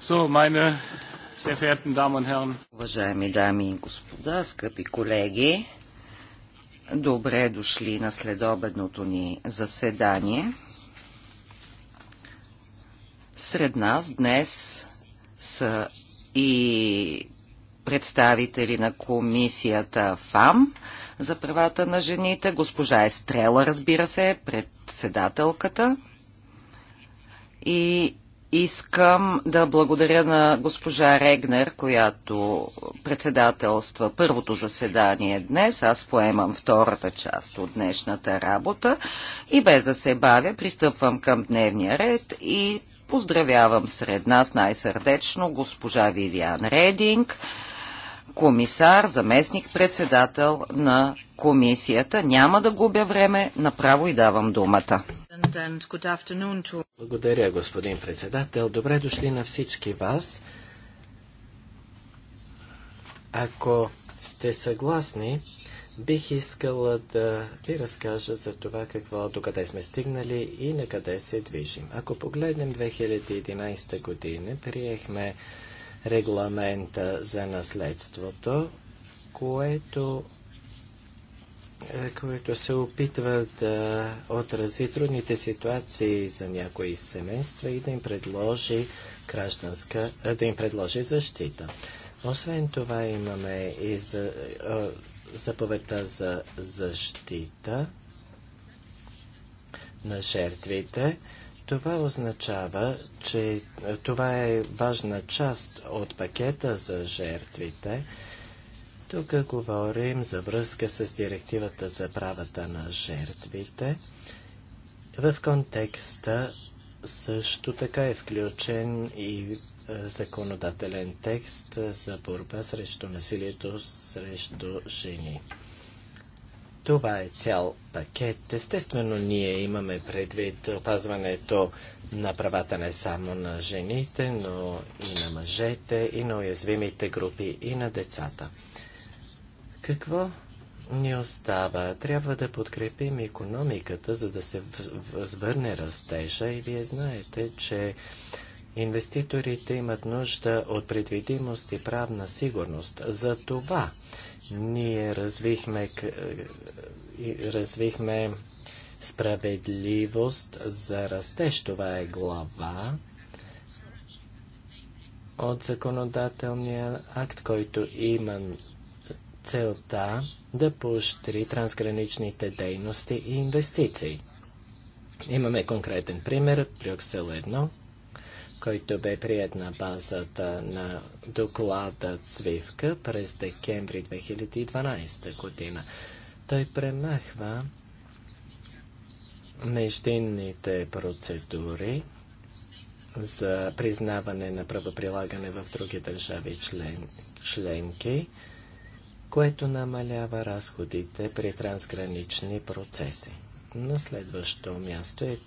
So, meine sehr verehrten Damen und Herren. Уважаеми дами и господа, скъпи колеги, добре дошли на следобедното ни заседание. Сред нас днес са и представители на комисията ФАМ за правата на жените, госпожа Естрела, разбира се, председателката и Искам да благодаря на госпожа Регнер, която председателства първото заседание днес. Аз поемам втората част от днешната работа и без да се бавя, пристъпвам към дневния ред и поздравявам сред нас най-сърдечно госпожа Вивиан Рединг, комисар, заместник-председател на комисията. Няма да губя време, направо и давам думата. Благодаря, господин председател. Добре дошли на всички вас. Ако сте съгласни, бих искала да ви разкажа за това какво, докъде сме стигнали и на къде се движим. Ако погледнем 2011 година, приехме регламента за наследството, което е, който се опитва да отрази трудните ситуации за някои семейства и да им предложи гражданска, е, да им предложи защита. Освен това имаме и за, е, заповедта за защита на жертвите. Това означава, че това е важна част от пакета за жертвите тук говорим за връзка с директивата за правата на жертвите. В контекста също така е включен и е, законодателен текст за борба срещу насилието срещу жени. Това е цял пакет. Естествено, ние имаме предвид опазването на правата не само на жените, но и на мъжете, и на уязвимите групи, и на децата. Какво ни остава? Трябва да подкрепим економиката, за да се възвърне растежа и вие знаете, че инвеститорите имат нужда от предвидимост и правна сигурност. За това ние развихме, развихме справедливост за растеж. Това е глава от законодателния акт, който има целта да поощри трансграничните дейности и инвестиции. Имаме конкретен пример, Брюксел 1, който бе прият на базата на доклада Цвивка през декември 2012 година. Той премахва междинните процедури за признаване на правоприлагане в други държави член, членки което намалява разходите при трансгранични процеси. На следващо място е,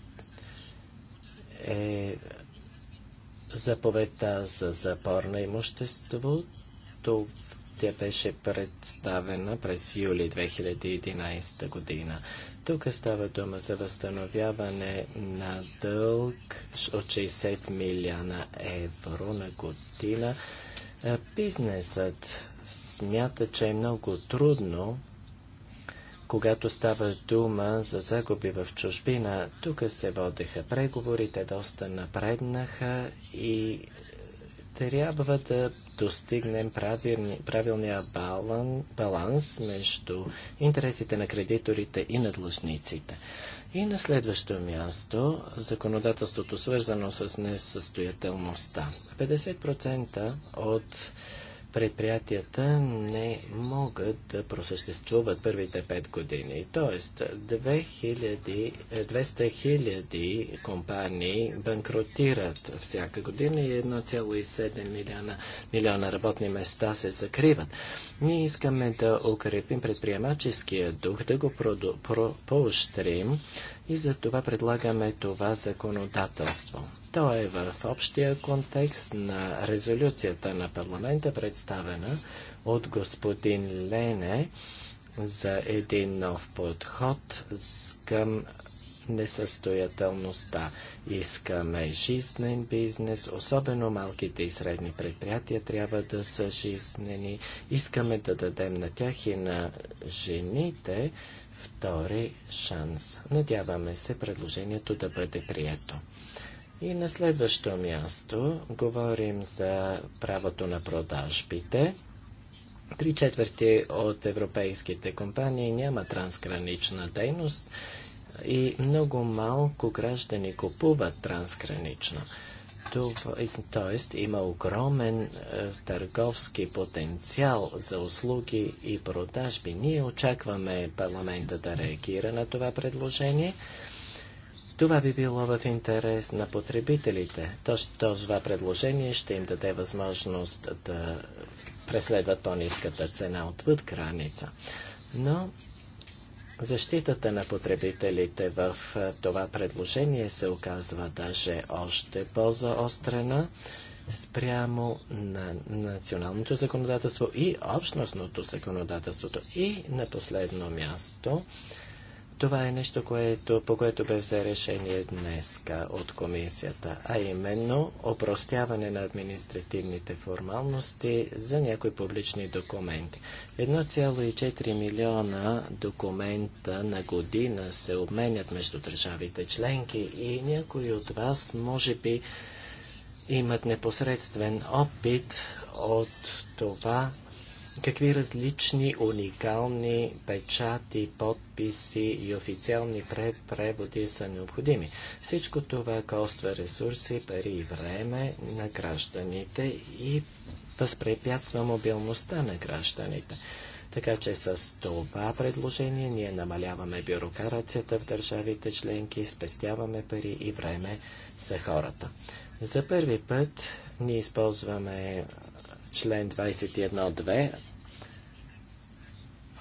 е заповедта за запор на имущество. Тя беше представена през юли 2011 година. Тук става дума за възстановяване на дълг от 60 милиона евро на година. Е, бизнесът смята, че е много трудно, когато става дума за загуби в чужбина. Тук се водеха преговорите, доста напреднаха и трябва да достигнем правилни, правилния балан, баланс между интересите на кредиторите и на длъжниците. И на следващо място законодателството свързано с несъстоятелността. 50% от предприятията не могат да просъществуват първите 5 години. Тоест, 200 000 е, компании банкротират всяка година и 1,7 милиона, милиона работни места се закриват. Ние искаме да укрепим предприемаческия дух, да го поощрим и за това предлагаме това законодателство. Той е в общия контекст на резолюцията на парламента, представена от господин Лене за един нов подход към несъстоятелността. Искаме жизнен бизнес, особено малките и средни предприятия трябва да са жизнени. Искаме да дадем на тях и на жените втори шанс. Надяваме се предложението да бъде прието. И на следващо място говорим за правото на продажбите. Три четвърти от европейските компании няма трансгранична дейност и много малко граждани купуват трансгранично. Тоест има огромен е, търговски потенциал за услуги и продажби. Ние очакваме парламента да реагира на това предложение. Това би било в интерес на потребителите. Това предложение ще им даде възможност да преследват по-низката цена отвъд граница. Но защитата на потребителите в това предложение се оказва даже още по-заострена спрямо на националното законодателство и общностното законодателството. И на последно място това е нещо, което, по което бе взе решение днес от комисията, а именно опростяване на административните формалности за някои публични документи. 1,4 милиона документа на година се обменят между държавите членки и някои от вас може би имат непосредствен опит от това какви различни уникални печати, подписи и официални преводи са необходими. Всичко това коства ресурси, пари и време на гражданите и възпрепятства мобилността на гражданите. Така че с това предложение ние намаляваме бюрокрацията в държавите членки, спестяваме пари и време за хората. За първи път ние използваме член 21.2,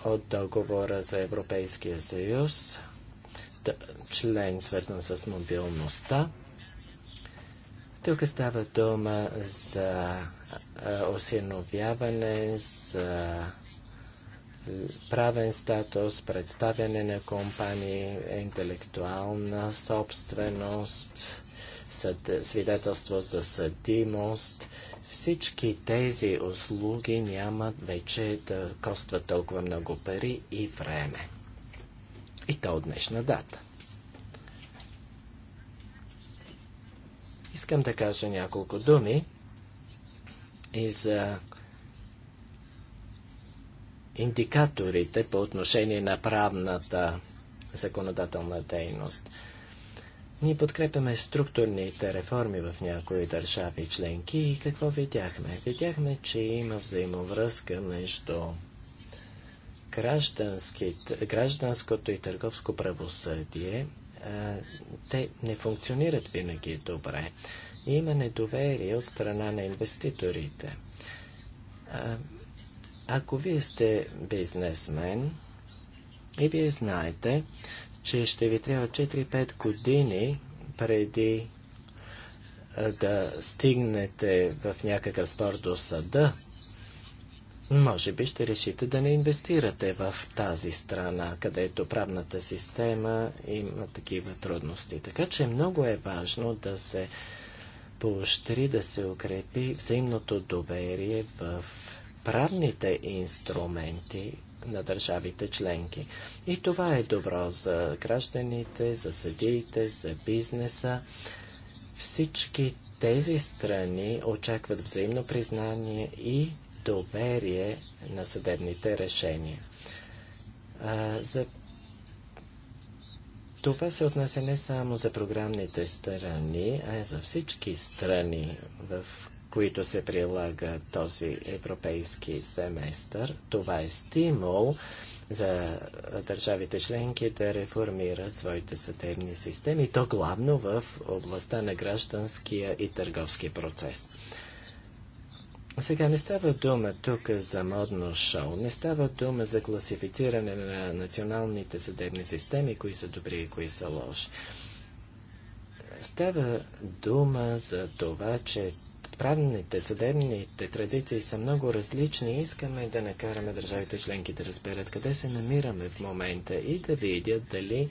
от договора за Европейския съюз, член свързан с мобилността. Тук става дума за осиновяване, за правен статус, представяне на компании, интелектуална собственост, свидетелство за съдимост. Всички тези услуги няма вече да костват толкова много пари и време. И то от днешна дата. Искам да кажа няколко думи и за индикаторите по отношение на правната законодателна дейност. Ние подкрепяме структурните реформи в някои държави членки и какво видяхме? Видяхме, че има взаимовръзка между гражданското и търговско правосъдие. те не функционират винаги добре. има недоверие от страна на инвеститорите. ако вие сте бизнесмен и вие знаете, че ще ви трябва 4-5 години преди да стигнете в някакъв спор до съда, може би ще решите да не инвестирате в тази страна, където правната система има такива трудности. Така че много е важно да се поощри, да се укрепи взаимното доверие в правните инструменти, на държавите членки. И това е добро за гражданите, за съдиите, за бизнеса. Всички тези страни очакват взаимно признание и доверие на съдебните решения. А, за това се отнася не само за програмните страни, а и за всички страни, в които се прилага този европейски семестър. Това е стимул за държавите членки да реформират своите съдебни системи, то главно в областта на гражданския и търговски процес. Сега не става дума тук за модно шоу, не става дума за класифициране на националните съдебни системи, кои са добри и кои са лоши. Става дума за това, че правните, съдебните традиции са много различни. Искаме да накараме държавите членки да разберат къде се намираме в момента и да видят дали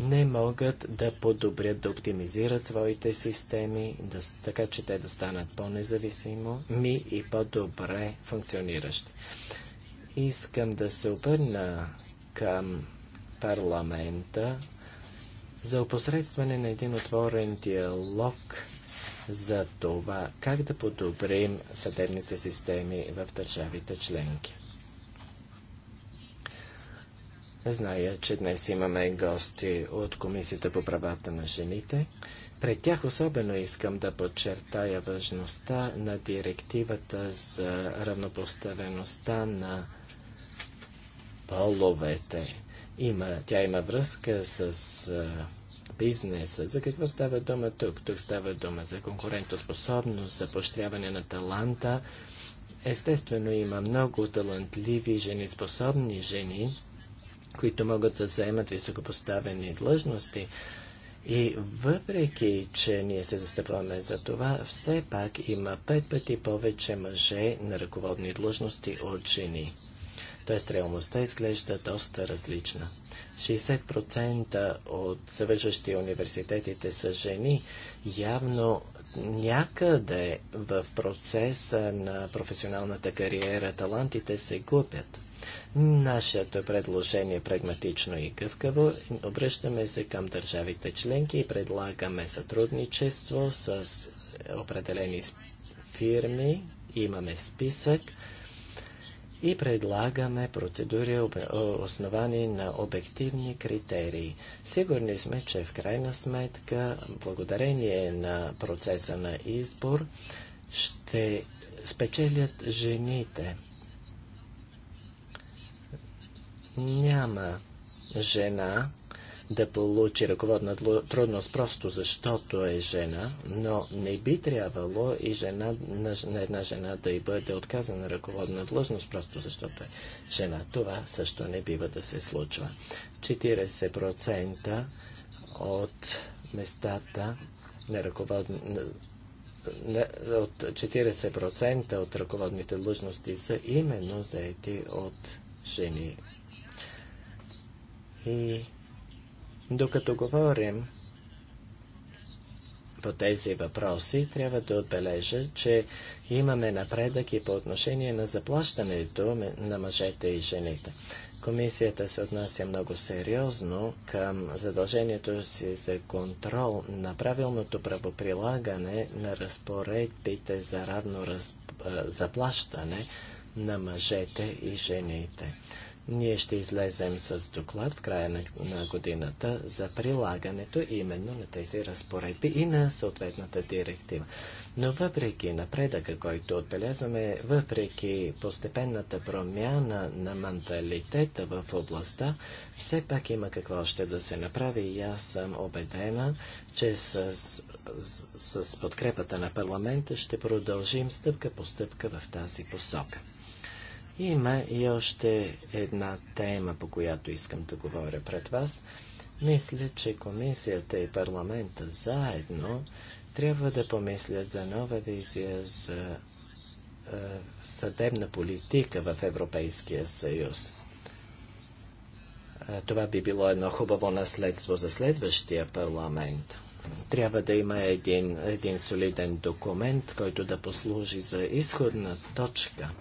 не могат да подобрят, да оптимизират своите системи, да, така че те да станат по-независимо ми и по-добре функциониращи. Искам да се обърна към парламента за опосредстване на един отворен диалог – за това как да подобрим съдебните системи в държавите членки. Зная, че днес имаме гости от Комисията по правата на жените. Пред тях особено искам да подчертая важността на директивата за равнопоставеността на половете. Има, тя има връзка с бизнеса. За какво става дума тук? Тук става дума за конкурентоспособност, за поощряване на таланта. Естествено, има много талантливи жени, способни жени, които могат да заемат високопоставени длъжности. И въпреки, че ние се застъпваме за това, все пак има пет пъти повече мъже на ръководни длъжности от жени. Т.е. реалността изглежда доста различна. 60% от завършващи университетите са жени. Явно някъде в процеса на професионалната кариера талантите се губят. Нашето предложение е прагматично и гъвкаво. Обръщаме се към държавите членки и предлагаме сътрудничество с определени фирми. Имаме списък и предлагаме процедури, основани на обективни критерии. Сигурни сме, че в крайна сметка, благодарение на процеса на избор, ще спечелят жените. Няма жена, да получи ръководна трудност просто защото е жена, но не би трябвало и жена, на, една жена да й бъде отказана ръководна длъжност просто защото е жена. Това също не бива да се случва. 40% от местата на ръководна от 40% от ръководните длъжности са именно заети от жени. И докато говорим по тези въпроси, трябва да отбележа, че имаме напредък и по отношение на заплащането на мъжете и жените. Комисията се отнася много сериозно към задължението си за контрол на правилното правоприлагане на разпоредбите за равно разп... заплащане на мъжете и жените. Ние ще излезем с доклад в края на, на годината за прилагането именно на тези разпоредби и на съответната директива. Но въпреки напредъка, който отбелязваме, въпреки постепенната промяна на менталитета в областта, все пак има какво още да се направи и аз съм убедена, че с, с, с подкрепата на парламента ще продължим стъпка по стъпка в тази посока. Има и още една тема, по която искам да говоря пред вас. Мисля, че комисията и парламента заедно трябва да помислят за нова визия за е, съдебна политика в Европейския съюз. Е, това би било едно хубаво наследство за следващия парламент. Трябва да има един, един солиден документ, който да послужи за изходна точка –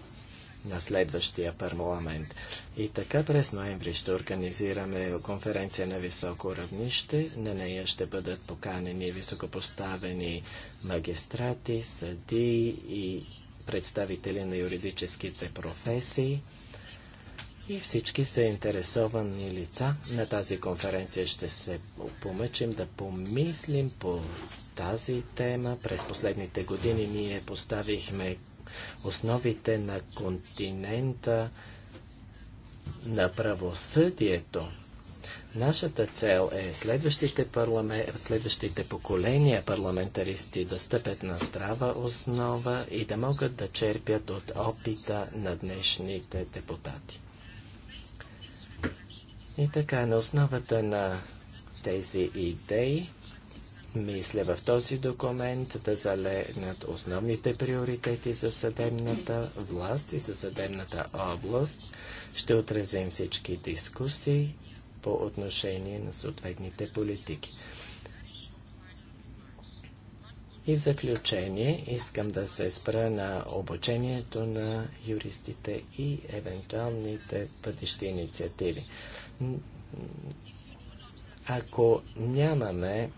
на следващия парламент. И така през ноември ще организираме конференция на високо равнище. На нея ще бъдат поканени високопоставени магистрати, съдии и представители на юридическите професии. И всички са интересовани лица на тази конференция ще се помъчим да помислим по тази тема. През последните години ние поставихме основите на континента, на правосъдието. Нашата цел е следващите, парламе... следващите поколения парламентаристи да стъпят на здрава основа и да могат да черпят от опита на днешните депутати. И така, на основата на тези идеи, мисля в този документ да залегнат основните приоритети за съдебната власт и за съдебната област. Ще отразим всички дискусии по отношение на съответните политики. И в заключение искам да се спра на обучението на юристите и евентуалните пътищи инициативи. Ако нямаме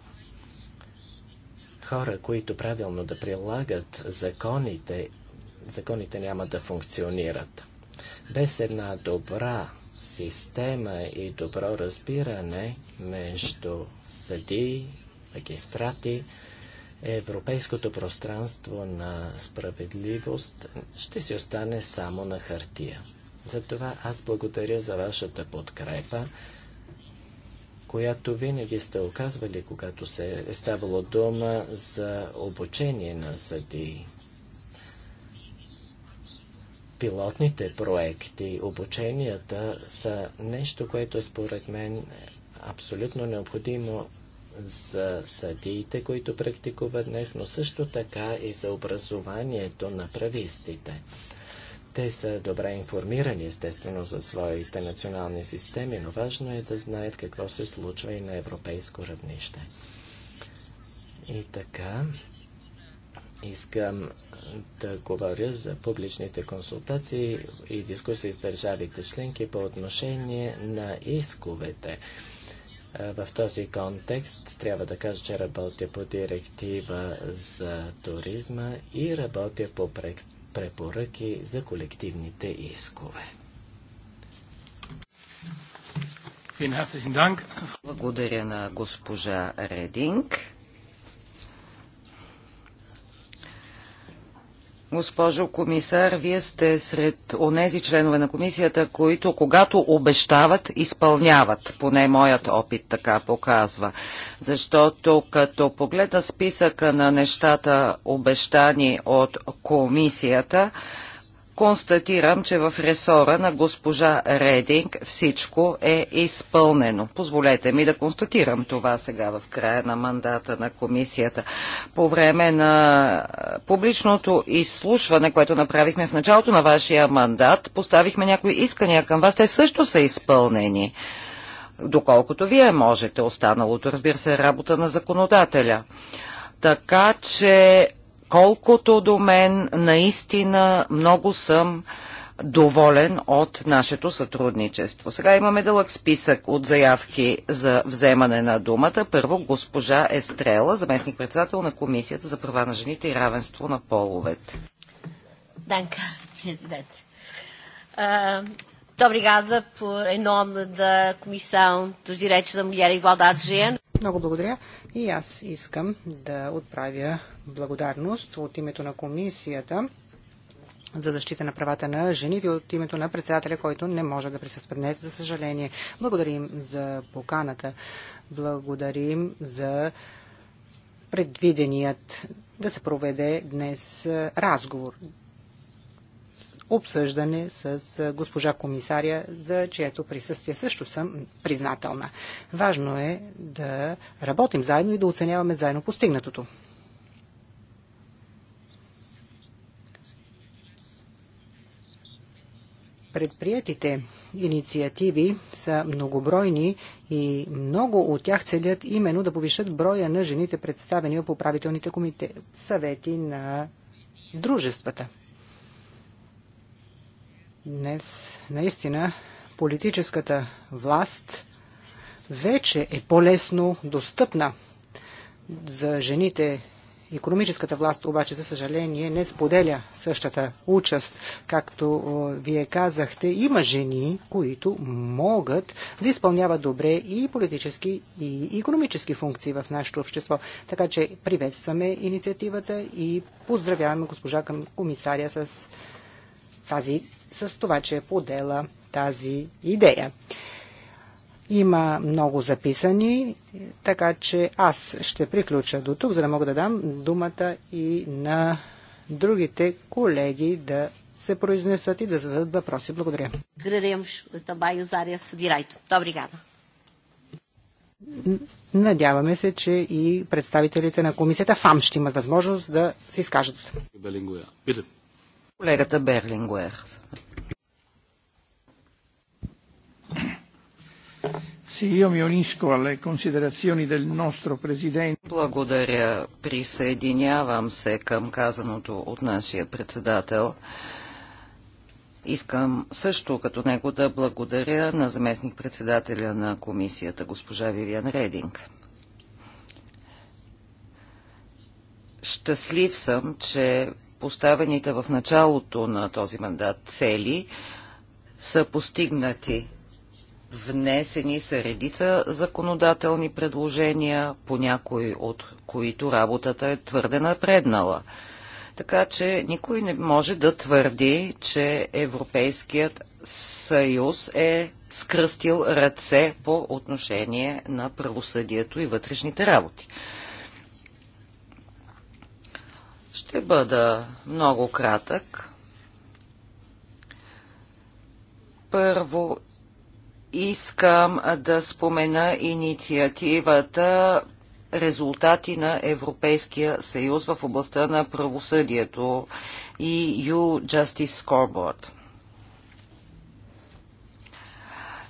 хора, които правилно да прилагат законите, законите няма да функционират. Без една добра система и добро разбиране между съдии, магистрати, европейското пространство на справедливост ще си остане само на хартия. Затова аз благодаря за вашата подкрепа която винаги сте оказвали, когато се е ставало дума за обучение на съдии. Пилотните проекти, обученията са нещо, което е според мен е абсолютно необходимо за съдиите, които практикуват днес, но също така и за образованието на правистите. Те са добре информирани, естествено, за своите национални системи, но важно е да знаят какво се случва и на европейско равнище. И така, искам да говоря за публичните консултации и дискусии с държавите членки по отношение на исковете. В този контекст трябва да кажа, че работя по директива за туризма и работя по проект препоръки за колективните искове. Благодаря на госпожа Рединг. Госпожо комисар, вие сте сред онези членове на комисията, които когато обещават, изпълняват. Поне моят опит така показва. Защото като погледна списъка на нещата обещани от комисията, констатирам, че в ресора на госпожа Рединг всичко е изпълнено. Позволете ми да констатирам това сега в края на мандата на комисията. По време на публичното изслушване, което направихме в началото на вашия мандат, поставихме някои искания към вас. Те също са изпълнени. Доколкото вие можете, останалото, разбира се, е работа на законодателя. Така че Колкото до мен, наистина много съм доволен от нашето сътрудничество. Сега имаме дълъг списък от заявки за вземане на думата. Първо госпожа Естрела, заместник председател на Комисията за права на жените и равенство на половете. Данка, президент. Muito obrigada por, em nome da Comissão dos Direitos da Mulher Много благодаря. И аз искам да отправя благодарност от името на комисията за защита на правата на жените от името на председателя, който не може да присъства днес, за съжаление. Благодарим за поканата. Благодарим за предвиденият да се проведе днес разговор обсъждане с госпожа комисаря, за чието присъствие също съм признателна. Важно е да работим заедно и да оценяваме заедно постигнатото. Предприятите инициативи са многобройни и много от тях целят именно да повишат броя на жените представени в управителните комите... съвети на дружествата. Днес наистина политическата власт вече е по-лесно достъпна за жените Економическата власт обаче, за съжаление, не споделя същата участ. Както вие казахте, има жени, които могат да изпълняват добре и политически, и економически функции в нашето общество. Така че приветстваме инициативата и поздравяваме госпожа комисаря с, тази, с това, че е подела тази идея. Има много записани, така че аз ще приключа до тук, за да мога да дам думата и на другите колеги да се произнесат и да зададат въпроси. Благодаря. Надяваме се, че и представителите на комисията ФАМ ще имат възможност да се изкажат. Колегата Берлингуер. Благодаря. Присъединявам се към казаното от нашия председател. Искам също като него да благодаря на заместник-председателя на комисията, госпожа Вивиан Рединг. Щастлив съм, че поставените в началото на този мандат цели са постигнати Внесени са редица законодателни предложения, по някои от които работата е твърде напреднала. Така че никой не може да твърди, че Европейският съюз е скръстил ръце по отношение на правосъдието и вътрешните работи. Ще бъда много кратък. Първо Искам да спомена инициативата резултати на Европейския съюз в областта на правосъдието и EU Justice Scoreboard.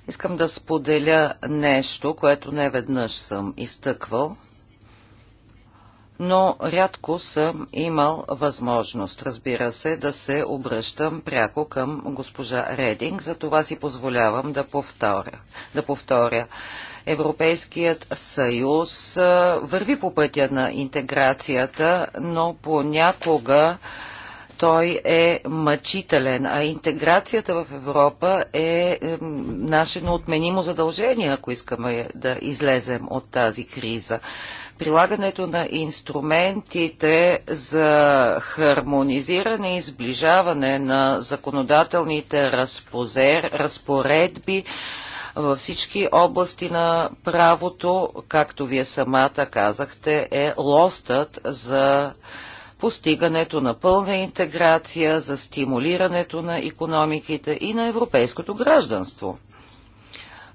Искам да споделя нещо, което не веднъж съм изтъквал – но рядко съм имал възможност, разбира се, да се обръщам пряко към госпожа Рединг, за това си позволявам да повторя. Да повторя. Европейският съюз върви по пътя на интеграцията, но понякога той е мъчителен, а интеграцията в Европа е наше неотменимо задължение, ако искаме да излезем от тази криза прилагането на инструментите за хармонизиране и сближаване на законодателните разпозер, разпоредби във всички области на правото, както вие самата казахте, е лостът за постигането на пълна интеграция, за стимулирането на економиките и на европейското гражданство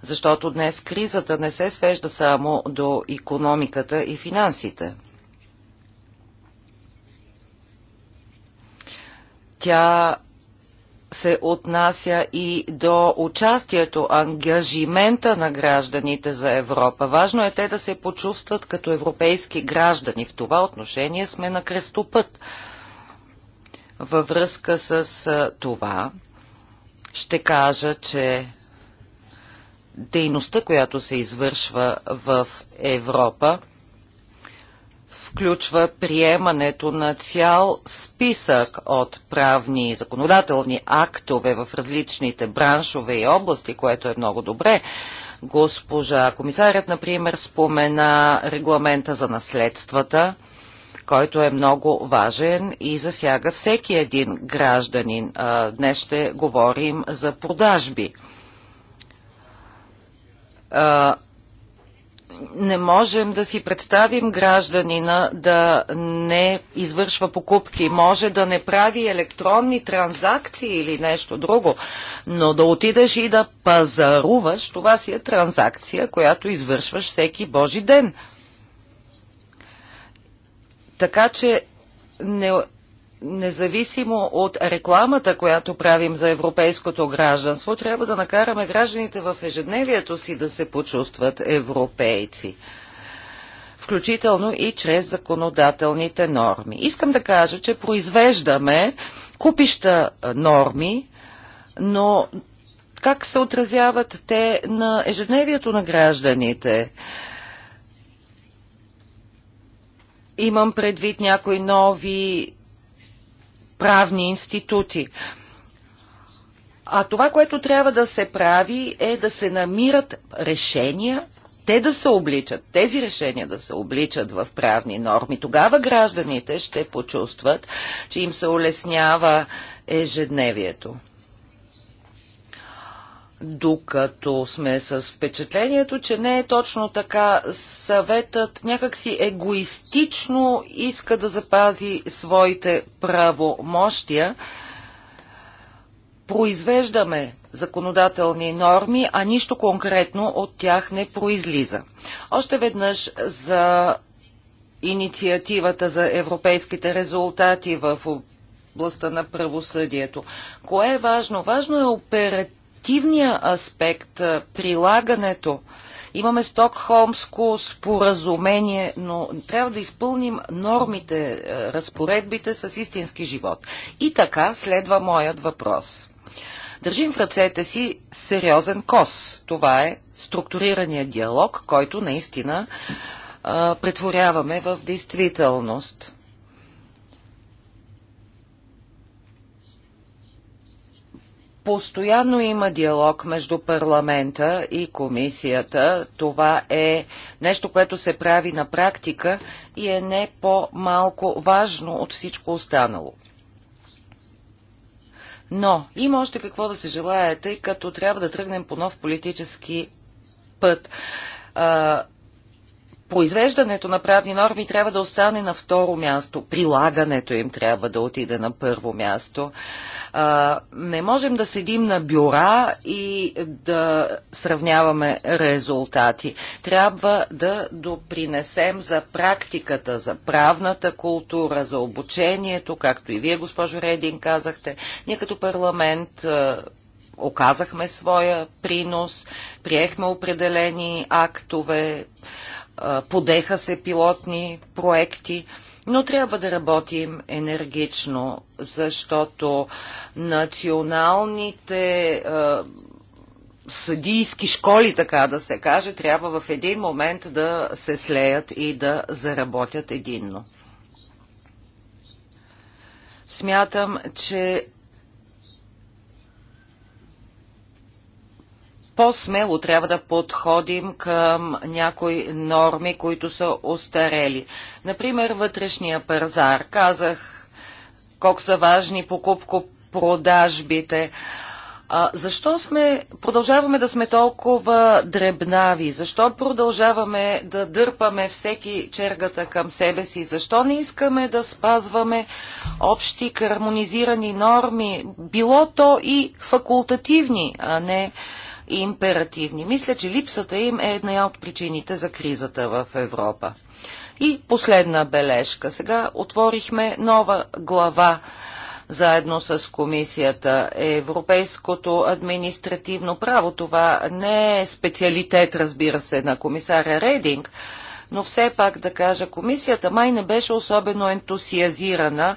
защото днес кризата не се свежда само до економиката и финансите. Тя се отнася и до участието, ангажимента на гражданите за Европа. Важно е те да се почувстват като европейски граждани. В това отношение сме на кръстопът. Във връзка с това ще кажа, че дейността, която се извършва в Европа, включва приемането на цял списък от правни и законодателни актове в различните браншове и области, което е много добре. Госпожа комисарят, например, спомена регламента за наследствата, който е много важен и засяга всеки един гражданин. Днес ще говорим за продажби не можем да си представим гражданина да не извършва покупки, може да не прави електронни транзакции или нещо друго, но да отидеш и да пазаруваш, това си е транзакция, която извършваш всеки Божи ден. Така че не, независимо от рекламата, която правим за европейското гражданство, трябва да накараме гражданите в ежедневието си да се почувстват европейци включително и чрез законодателните норми. Искам да кажа, че произвеждаме купища норми, но как се отразяват те на ежедневието на гражданите? Имам предвид някои нови правни институти. А това, което трябва да се прави е да се намират решения, те да се обличат, тези решения да се обличат в правни норми. Тогава гражданите ще почувстват, че им се улеснява ежедневието докато сме с впечатлението, че не е точно така. Съветът някакси егоистично иска да запази своите правомощия. Произвеждаме законодателни норми, а нищо конкретно от тях не произлиза. Още веднъж за инициативата за европейските резултати в областта на правосъдието. Кое е важно? Важно е оперативно позитивния аспект, прилагането. Имаме Стокхолмско споразумение, но трябва да изпълним нормите, разпоредбите с истински живот. И така следва моят въпрос. Държим в ръцете си сериозен кос. Това е структурирания диалог, който наистина претворяваме в действителност. Постоянно има диалог между парламента и комисията. Това е нещо, което се прави на практика и е не по-малко важно от всичко останало. Но има още какво да се желая, тъй като трябва да тръгнем по нов политически път произвеждането на правни норми трябва да остане на второ място. Прилагането им трябва да отиде на първо място. А, не можем да седим на бюра и да сравняваме резултати. Трябва да допринесем за практиката, за правната култура, за обучението, както и вие, госпожо Редин, казахте. Ние като парламент оказахме своя принос, приехме определени актове, подеха се пилотни проекти, но трябва да работим енергично, защото националните съдийски школи, така да се каже, трябва в един момент да се слеят и да заработят единно. Смятам, че по-смело трябва да подходим към някои норми, които са устарели. Например, вътрешния пазар. Казах колко са важни покупко-продажбите. А, защо сме, продължаваме да сме толкова дребнави? Защо продължаваме да дърпаме всеки чергата към себе си? Защо не искаме да спазваме общи кармонизирани норми, било то и факултативни, а не а, и императивни. Мисля, че липсата им е една от причините за кризата в Европа. И последна бележка. Сега отворихме нова глава заедно с комисията. Европейското административно право, това не е специалитет, разбира се, на комисаря Рейдинг, но все пак да кажа, комисията май не беше особено ентусиазирана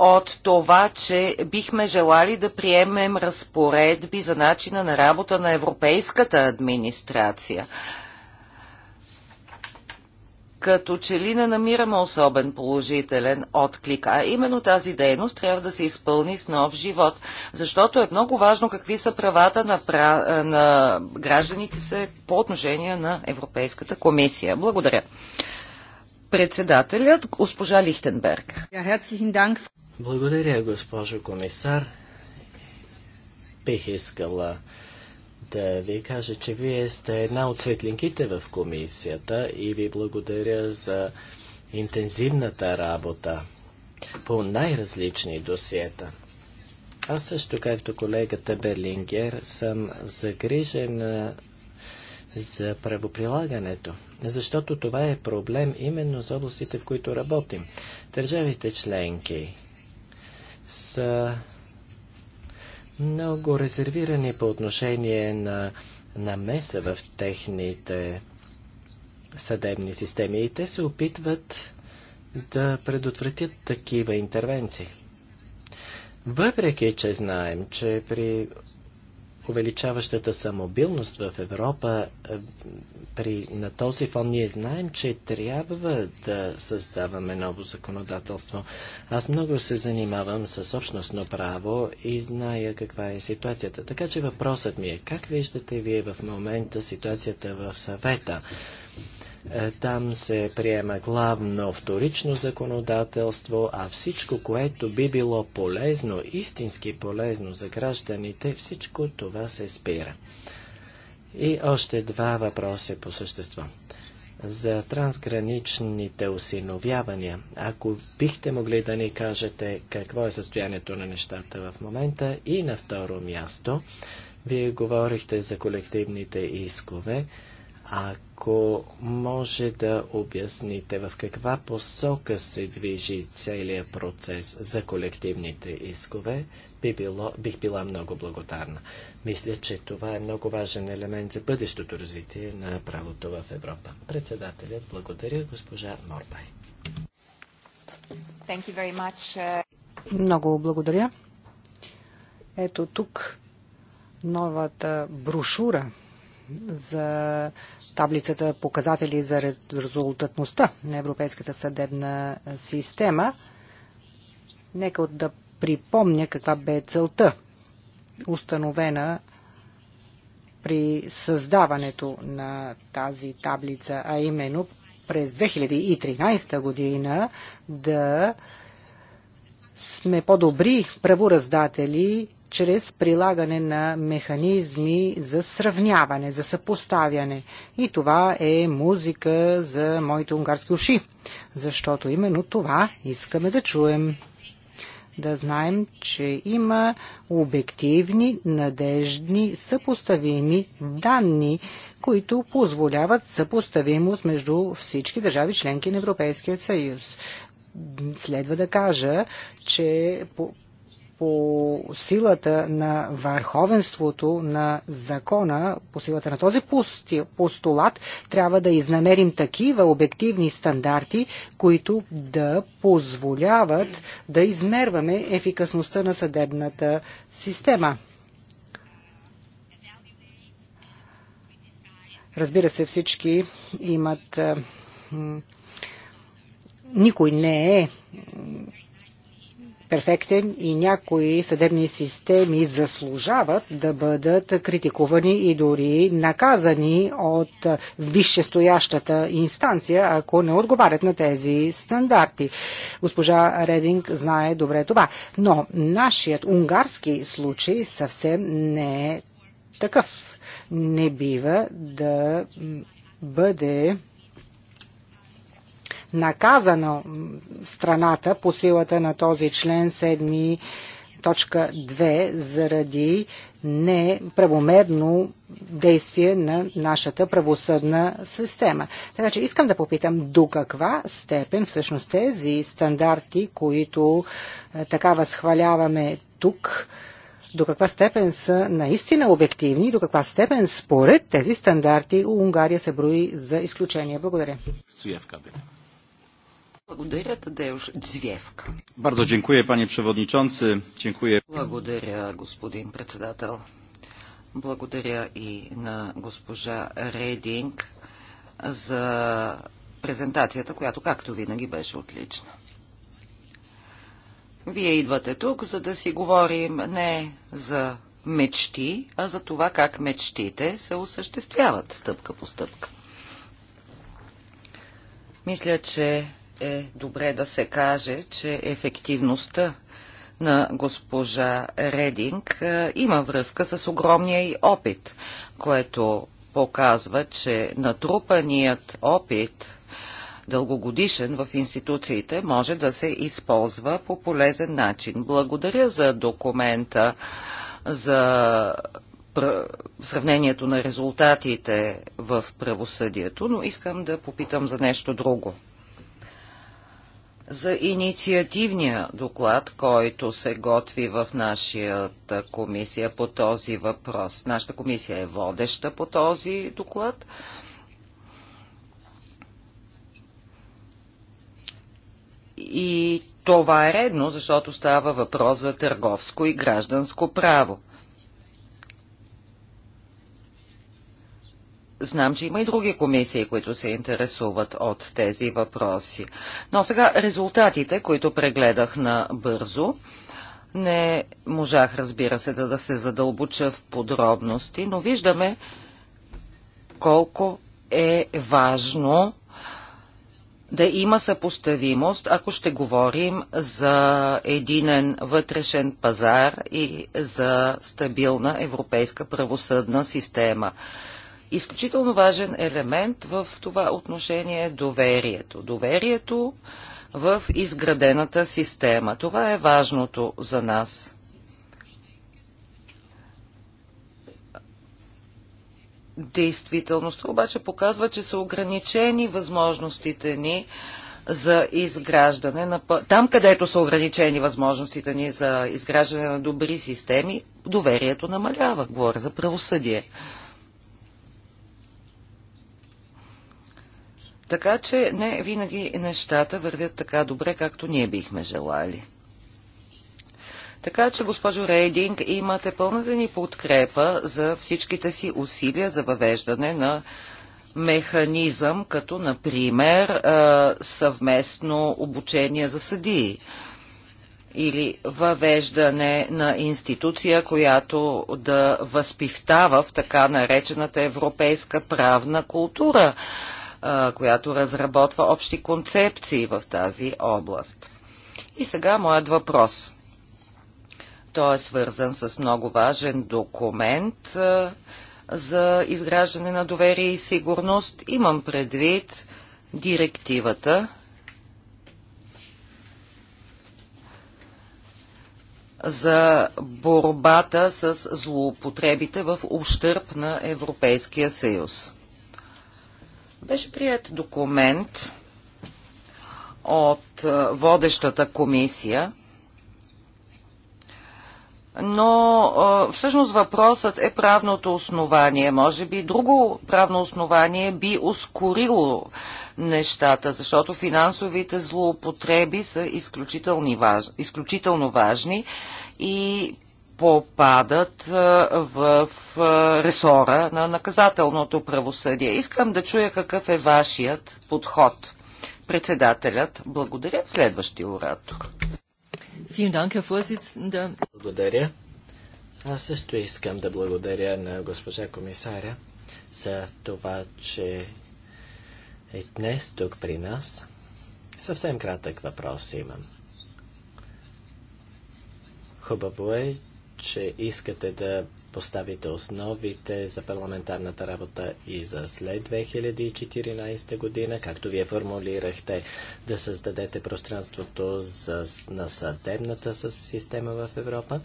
от това, че бихме желали да приемем разпоредби за начина на работа на европейската администрация. Като че ли не намираме особен положителен отклик, а именно тази дейност трябва да се изпълни с нов живот, защото е много важно какви са правата на, пра... на гражданите се по отношение на Европейската комисия. Благодаря председателят госпожа Лихтенберг. Благодаря, госпожо комисар. Бих искала да ви кажа, че вие сте една от светлинките в комисията и ви благодаря за интензивната работа по най-различни досиета. Аз също, както колегата Берлингер, съм загрижен за правоприлагането, защото това е проблем именно за областите, в които работим. Държавите членки са много резервирани по отношение на намеса в техните съдебни системи и те се опитват да предотвратят такива интервенции. Въпреки, че знаем, че при увеличаващата самобилност в Европа, е, при, на този фон ние знаем, че трябва да създаваме ново законодателство. Аз много се занимавам с общностно право и зная каква е ситуацията. Така че въпросът ми е, как виждате вие в момента ситуацията в съвета? Е, там се приема главно вторично законодателство, а всичко, което би било полезно, истински полезно за гражданите, всичко това се спира. И още два въпроса по същество. За трансграничните осиновявания, ако бихте могли да ни кажете какво е състоянието на нещата в момента и на второ място, вие говорихте за колективните искове, а ако може да обясните в каква посока се движи целият процес за колективните искове, би било, бих била много благодарна. Мисля, че това е много важен елемент за бъдещото развитие на правото в Европа. Председателят благодаря госпожа Морбай. Thank you very much. Uh, много благодаря. Ето тук новата брошура за таблицата показатели за резултатността на Европейската съдебна система. Нека да припомня каква бе целта, установена при създаването на тази таблица, а именно през 2013 година да сме по-добри правораздатели чрез прилагане на механизми за сравняване, за съпоставяне. И това е музика за моите унгарски уши, защото именно това искаме да чуем. Да знаем, че има обективни, надеждни, съпоставими данни, които позволяват съпоставимост между всички държави членки на Европейския съюз. Следва да кажа, че по силата на върховенството на закона, по силата на този постулат, трябва да изнамерим такива обективни стандарти, които да позволяват да измерваме ефикасността на съдебната система. Разбира се, всички имат. Никой не е перфектен и някои съдебни системи заслужават да бъдат критикувани и дори наказани от висшестоящата инстанция, ако не отговарят на тези стандарти. Госпожа Рединг знае добре това. Но нашият унгарски случай съвсем не е такъв. Не бива да бъде наказана страната по силата на този член 7 точка 2 заради неправомерно действие на нашата правосъдна система. Така че искам да попитам до каква степен всъщност тези стандарти, които е, така възхваляваме тук, до каква степен са наистина обективни и до каква степен според тези стандарти Унгария се брои за изключение. Благодаря. Благодаря, Тадеуш Дзвевка. Bardzo dziękuję, panie przewodniczący. Dziękuję. Благодаря, господин председател. Благодаря и на госпожа Рединг за презентацията, която както винаги беше отлична. Вие идвате тук, за да си говорим не за мечти, а за това как мечтите се осъществяват стъпка по стъпка. Мисля, че е добре да се каже, че ефективността на госпожа Рединг е, има връзка с огромния и опит, което показва, че натрупаният опит дългогодишен в институциите може да се използва по полезен начин. Благодаря за документа, за сравнението на резултатите в правосъдието, но искам да попитам за нещо друго за инициативния доклад, който се готви в нашата комисия по този въпрос. Нашата комисия е водеща по този доклад. И това е редно, защото става въпрос за търговско и гражданско право. Знам, че има и други комисии, които се интересуват от тези въпроси. Но сега резултатите, които прегледах набързо, не можах, разбира се, да, да се задълбоча в подробности, но виждаме колко е важно да има съпоставимост, ако ще говорим за единен вътрешен пазар и за стабилна европейска правосъдна система. Изключително важен елемент в това отношение е доверието. Доверието в изградената система. Това е важното за нас. Действителността обаче показва, че са ограничени възможностите ни за изграждане на... Там, където са ограничени възможностите ни за изграждане на добри системи, доверието намалява. Говоря за правосъдие. Така че не винаги нещата вървят така добре, както ние бихме желали. Така че, госпожо Рейдинг, имате пълната ни подкрепа за всичките си усилия за въвеждане на механизъм, като, например, съвместно обучение за съдии или въвеждане на институция, която да възпивтава в така наречената европейска правна култура която разработва общи концепции в тази област. И сега моят въпрос. Той е свързан с много важен документ за изграждане на доверие и сигурност. Имам предвид директивата за борбата с злоупотребите в ущърп на Европейския съюз. Беше прият документ от водещата комисия, но всъщност въпросът е правното основание. Може би друго правно основание би ускорило нещата, защото финансовите злоупотреби са изключително важни и попадат в ресора на наказателното правосъдие. Искам да чуя какъв е вашият подход. Председателят, благодаря следващия оратор. Благодаря. Аз също искам да благодаря на госпожа комисаря за това, че е днес тук при нас. Съвсем кратък въпрос имам. Хубаво е, че искате да поставите основите за парламентарната работа и за след 2014 година, както вие формулирахте, да създадете пространството за, на съдебната система в Европа.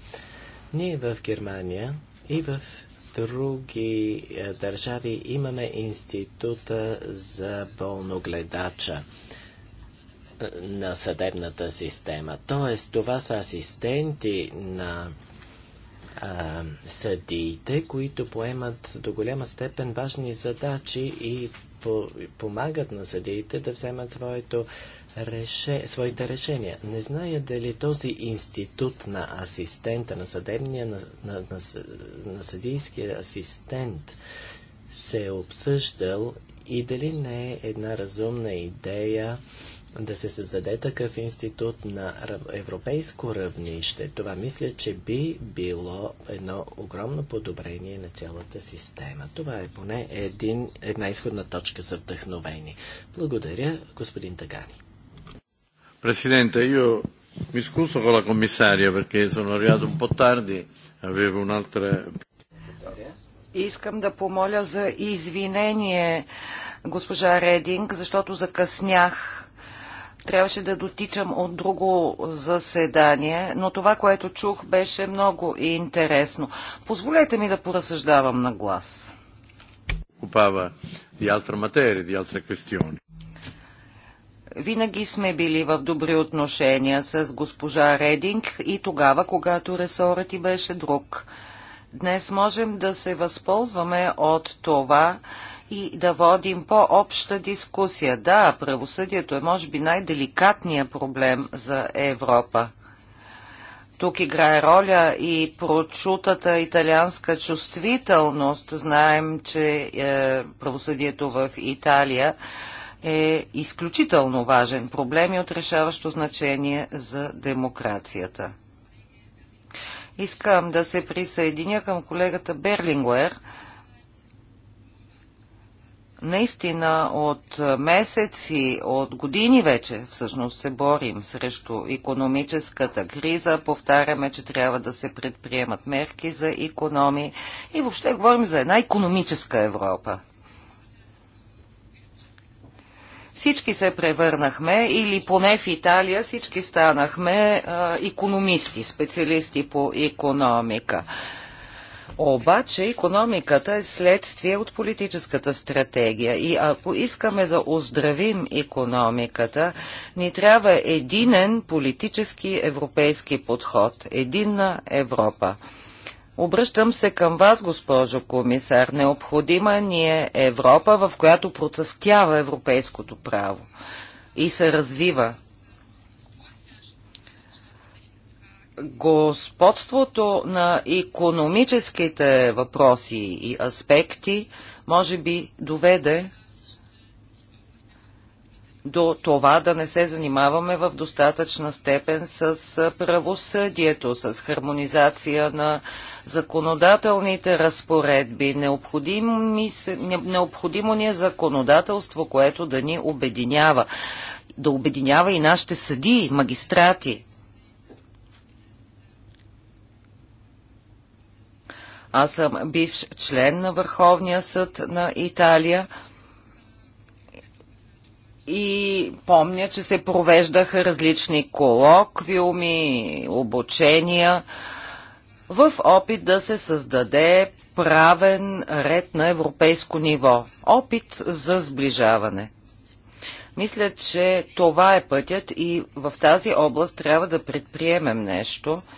Ние в Германия и в други е, държави имаме института за болногледача е, на съдебната система. Тоест, това са асистенти на а, съдиите, които поемат до голяма степен важни задачи и по помагат на съдиите да вземат своето реше, своите решения. Не зная дали този институт на асистента, на съдебния, на, на, на, на съдийския асистент се е обсъждал и дали не е една разумна идея да се създаде такъв институт на европейско равнище. Това мисля, че би било едно огромно подобрение на цялата система. Това е поне един, една изходна точка за вдъхновение. Благодаря, господин Тагани. Президента, io mi scuso con la commissaria perché sono arrivato un po' tardi, avevo un'altra... Искам да помоля за извинение госпожа Рединг, защото закъснях трябваше да дотичам от друго заседание, но това, което чух, беше много интересно. Позволете ми да поразсъждавам на глас. Купава Винаги сме били в добри отношения с госпожа Рединг и тогава, когато ресорът ти беше друг. Днес можем да се възползваме от това, и да водим по-обща дискусия. Да, правосъдието е може би най-деликатният проблем за Европа. Тук играе роля и прочутата италианска чувствителност. Знаем, че е, правосъдието в Италия е изключително важен проблем и отрешаващо значение за демокрацията. Искам да се присъединя към колегата Берлингуер – наистина от месеци, от години вече всъщност се борим срещу економическата криза. Повтаряме, че трябва да се предприемат мерки за економи и въобще говорим за една економическа Европа. Всички се превърнахме, или поне в Италия всички станахме а, економисти, специалисти по економика. Обаче економиката е следствие от политическата стратегия и ако искаме да оздравим економиката, ни трябва единен политически европейски подход, единна Европа. Обръщам се към вас, госпожо комисар. Необходима ни е Европа, в която процъфтява европейското право и се развива господството на економическите въпроси и аспекти може би доведе до това да не се занимаваме в достатъчна степен с правосъдието, с хармонизация на законодателните разпоредби. Необходимо, необходимо ни е законодателство, което да ни обединява. Да обединява и нашите съдии, магистрати, Аз съм бивш член на Върховния съд на Италия и помня, че се провеждаха различни колоквиуми, обучения в опит да се създаде правен ред на европейско ниво. Опит за сближаване. Мисля, че това е пътят и в тази област трябва да предприемем нещо –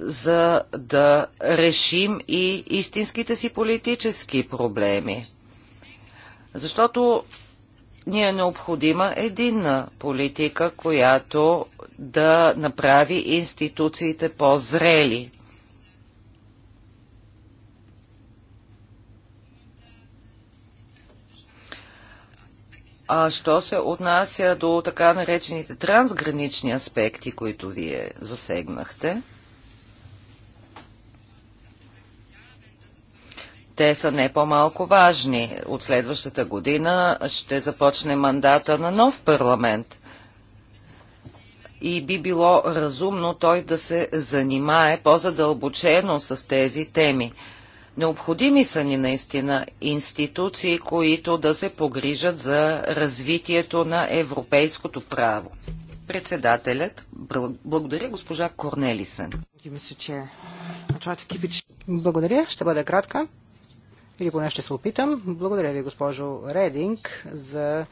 за да решим и истинските си политически проблеми. Защото ни е необходима единна политика, която да направи институциите по-зрели. А що се отнася до така наречените трансгранични аспекти, които вие засегнахте – те са не по-малко важни. От следващата година ще започне мандата на нов парламент и би било разумно той да се занимае по-задълбочено с тези теми. Необходими са ни наистина институции, които да се погрижат за развитието на европейското право. Председателят, благодаря госпожа Корнелисен. Благодаря, ще бъда кратка или поне ще се опитам. Благодаря ви, госпожо Рединг, за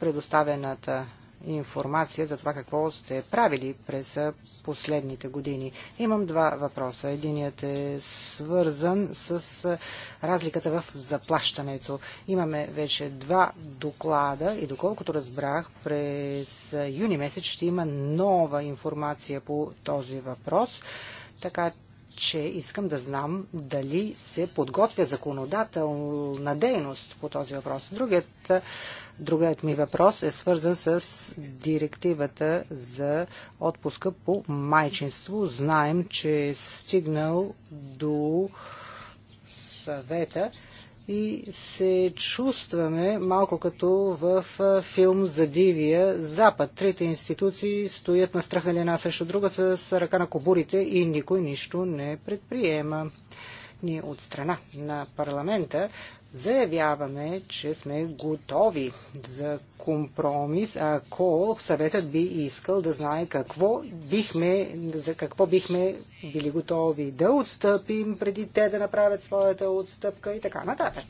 предоставената информация за това какво сте правили през последните години. Имам два въпроса. Единият е свързан с разликата в заплащането. Имаме вече два доклада и доколкото разбрах, през юни месец ще има нова информация по този въпрос. Така че искам да знам дали се подготвя законодателна дейност по този въпрос. Другият, другият ми въпрос е свързан с директивата за отпуска по майчинство. Знаем, че е стигнал до съвета и се чувстваме малко като в филм за дивия запад. Трите институции стоят на страха нали, една срещу друга с ръка на кобурите и никой нищо не предприема. Ние от страна на парламента заявяваме, че сме готови за компромис, ако съветът би искал да знае какво бихме, за какво бихме били готови да отстъпим преди те да направят своята отстъпка и така нататък.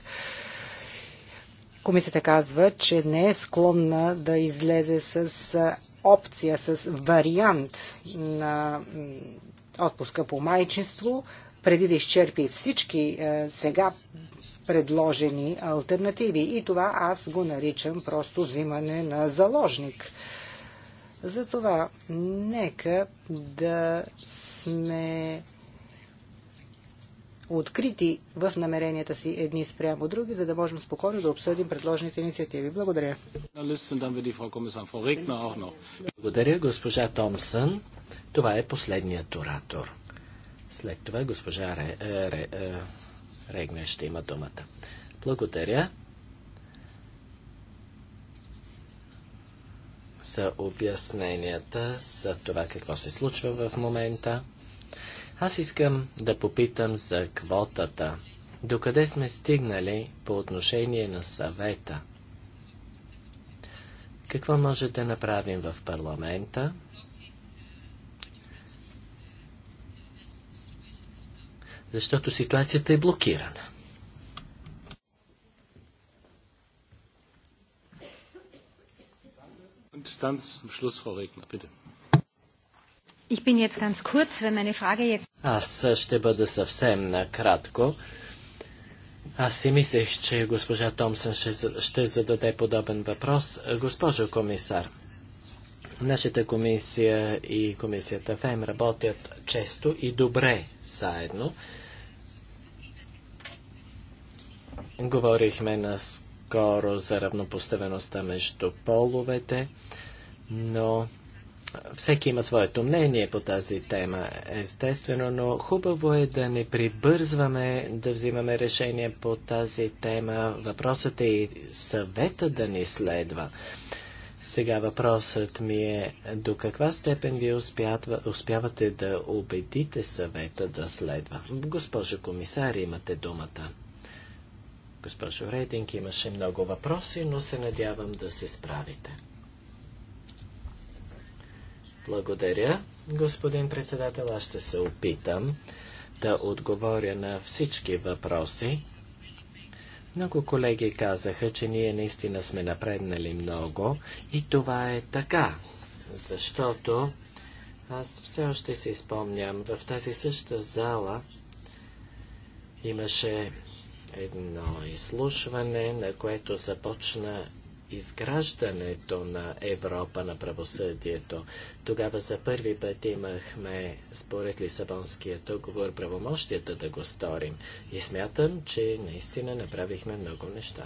Комисията казва, че не е склонна да излезе с опция, с вариант на отпуска по майчинство, преди да изчерпи всички е, сега предложени альтернативи. И това аз го наричам просто взимане на заложник. Затова нека да сме открити в намеренията си едни спрямо други, за да можем спокойно да обсъдим предложените инициативи. Благодаря. Благодаря, госпожа Томсън. Това е последният оратор. След това госпожа Ре, Ре, Регнер ще има думата. Благодаря за обясненията за това какво се случва в момента. Аз искам да попитам за квотата. Докъде сме стигнали по отношение на съвета? Какво може да направим в парламента, защото ситуацията е блокирана. Аз ще бъда съвсем накратко. Аз си мислех, че госпожа Томсън ще, ще зададе подобен въпрос. Госпожо комисар, Нашата комисия и комисията ФЕМ работят често и добре заедно. Говорихме наскоро за равнопоставеността между половете, но всеки има своето мнение по тази тема, естествено, но хубаво е да не прибързваме да взимаме решение по тази тема. Въпросът е и съвета да ни следва. Сега въпросът ми е до каква степен вие успявате да убедите съвета да следва. Госпожо комисар, имате думата. Госпожо Рейдинг, имаше много въпроси, но се надявам да се справите. Благодаря, господин председател. Аз ще се опитам да отговоря на всички въпроси. Много колеги казаха, че ние наистина сме напреднали много и това е така, защото аз все още си спомням, в тази съща зала имаше едно изслушване, на което започна изграждането на Европа на правосъдието. Тогава за първи път имахме, според Лисабонския договор, правомощията да го сторим. И смятам, че наистина направихме много неща.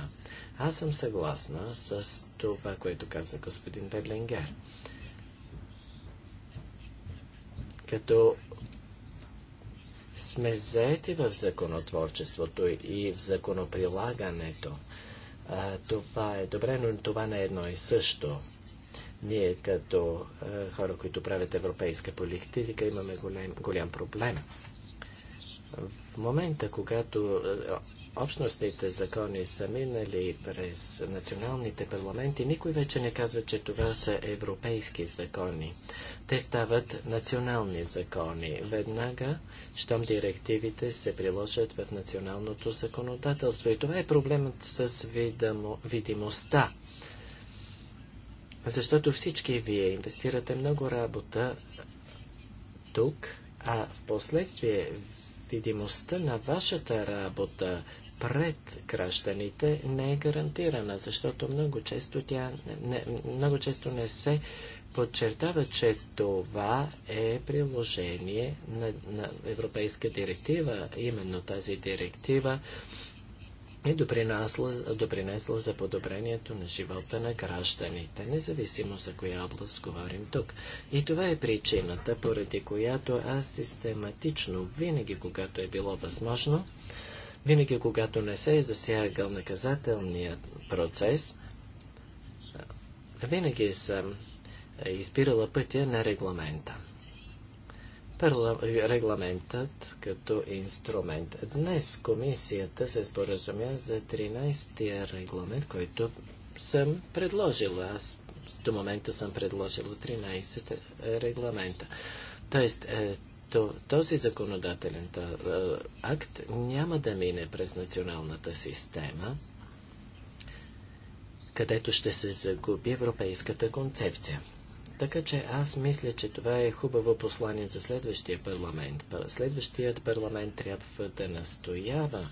Аз съм съгласна с това, което каза господин Бедленгер. Като сме заети в законотворчеството и в законоприлагането. А, това е добре, но това не е едно и също. Ние като а, хора, които правят европейска политика, имаме голям, голям проблем. В момента, когато общностите закони са минали през националните парламенти, никой вече не казва, че това са европейски закони. Те стават национални закони. Веднага, щом директивите се приложат в националното законодателство. И това е проблемът с видимо, видимостта. Защото всички вие инвестирате много работа тук, а в последствие видимостта на вашата работа пред гражданите не е гарантирана, защото много често, тя, не, много често не се подчертава, че това е приложение на, на Европейска директива. Именно тази директива е допринесла, допринесла за подобрението на живота на гражданите, независимо за коя област говорим тук. И това е причината, поради която аз систематично, винаги когато е било възможно, винаги, когато не се е засягал наказателният процес, винаги съм избирала пътя на регламента. Първо, Регламентът като инструмент. Днес комисията се споразумя за 13-тия регламент, който съм предложила. Аз до момента съм предложила 13 регламента. Тоест, е, този законодателен е, акт няма да мине през националната система, където ще се загуби европейската концепция. Така че аз мисля, че това е хубаво послание за следващия парламент. Следващият парламент трябва да настоява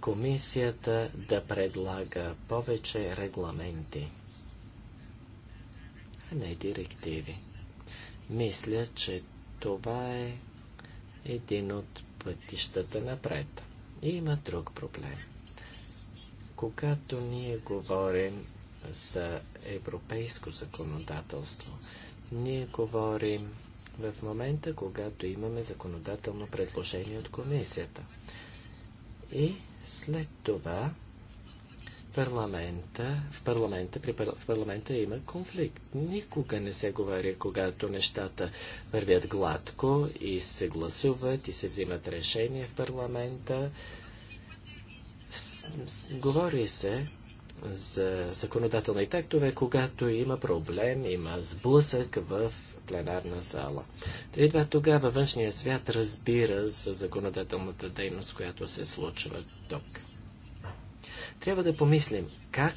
комисията да предлага повече регламенти, а не директиви. Мисля, че това е един от пътищата напред. И има друг проблем. Когато ние говорим за европейско законодателство, ние говорим в момента, когато имаме законодателно предложение от комисията. И след това парламента, в парламента, при, в парламента има конфликт. Никога не се говори, когато нещата вървят гладко и се гласуват и се взимат решения в парламента. С, с, говори се за законодателни тактове, когато има проблем, има сблъсък в пленарна зала. Едва тогава външния свят разбира за законодателната дейност, която се случва тук. Трябва да помислим как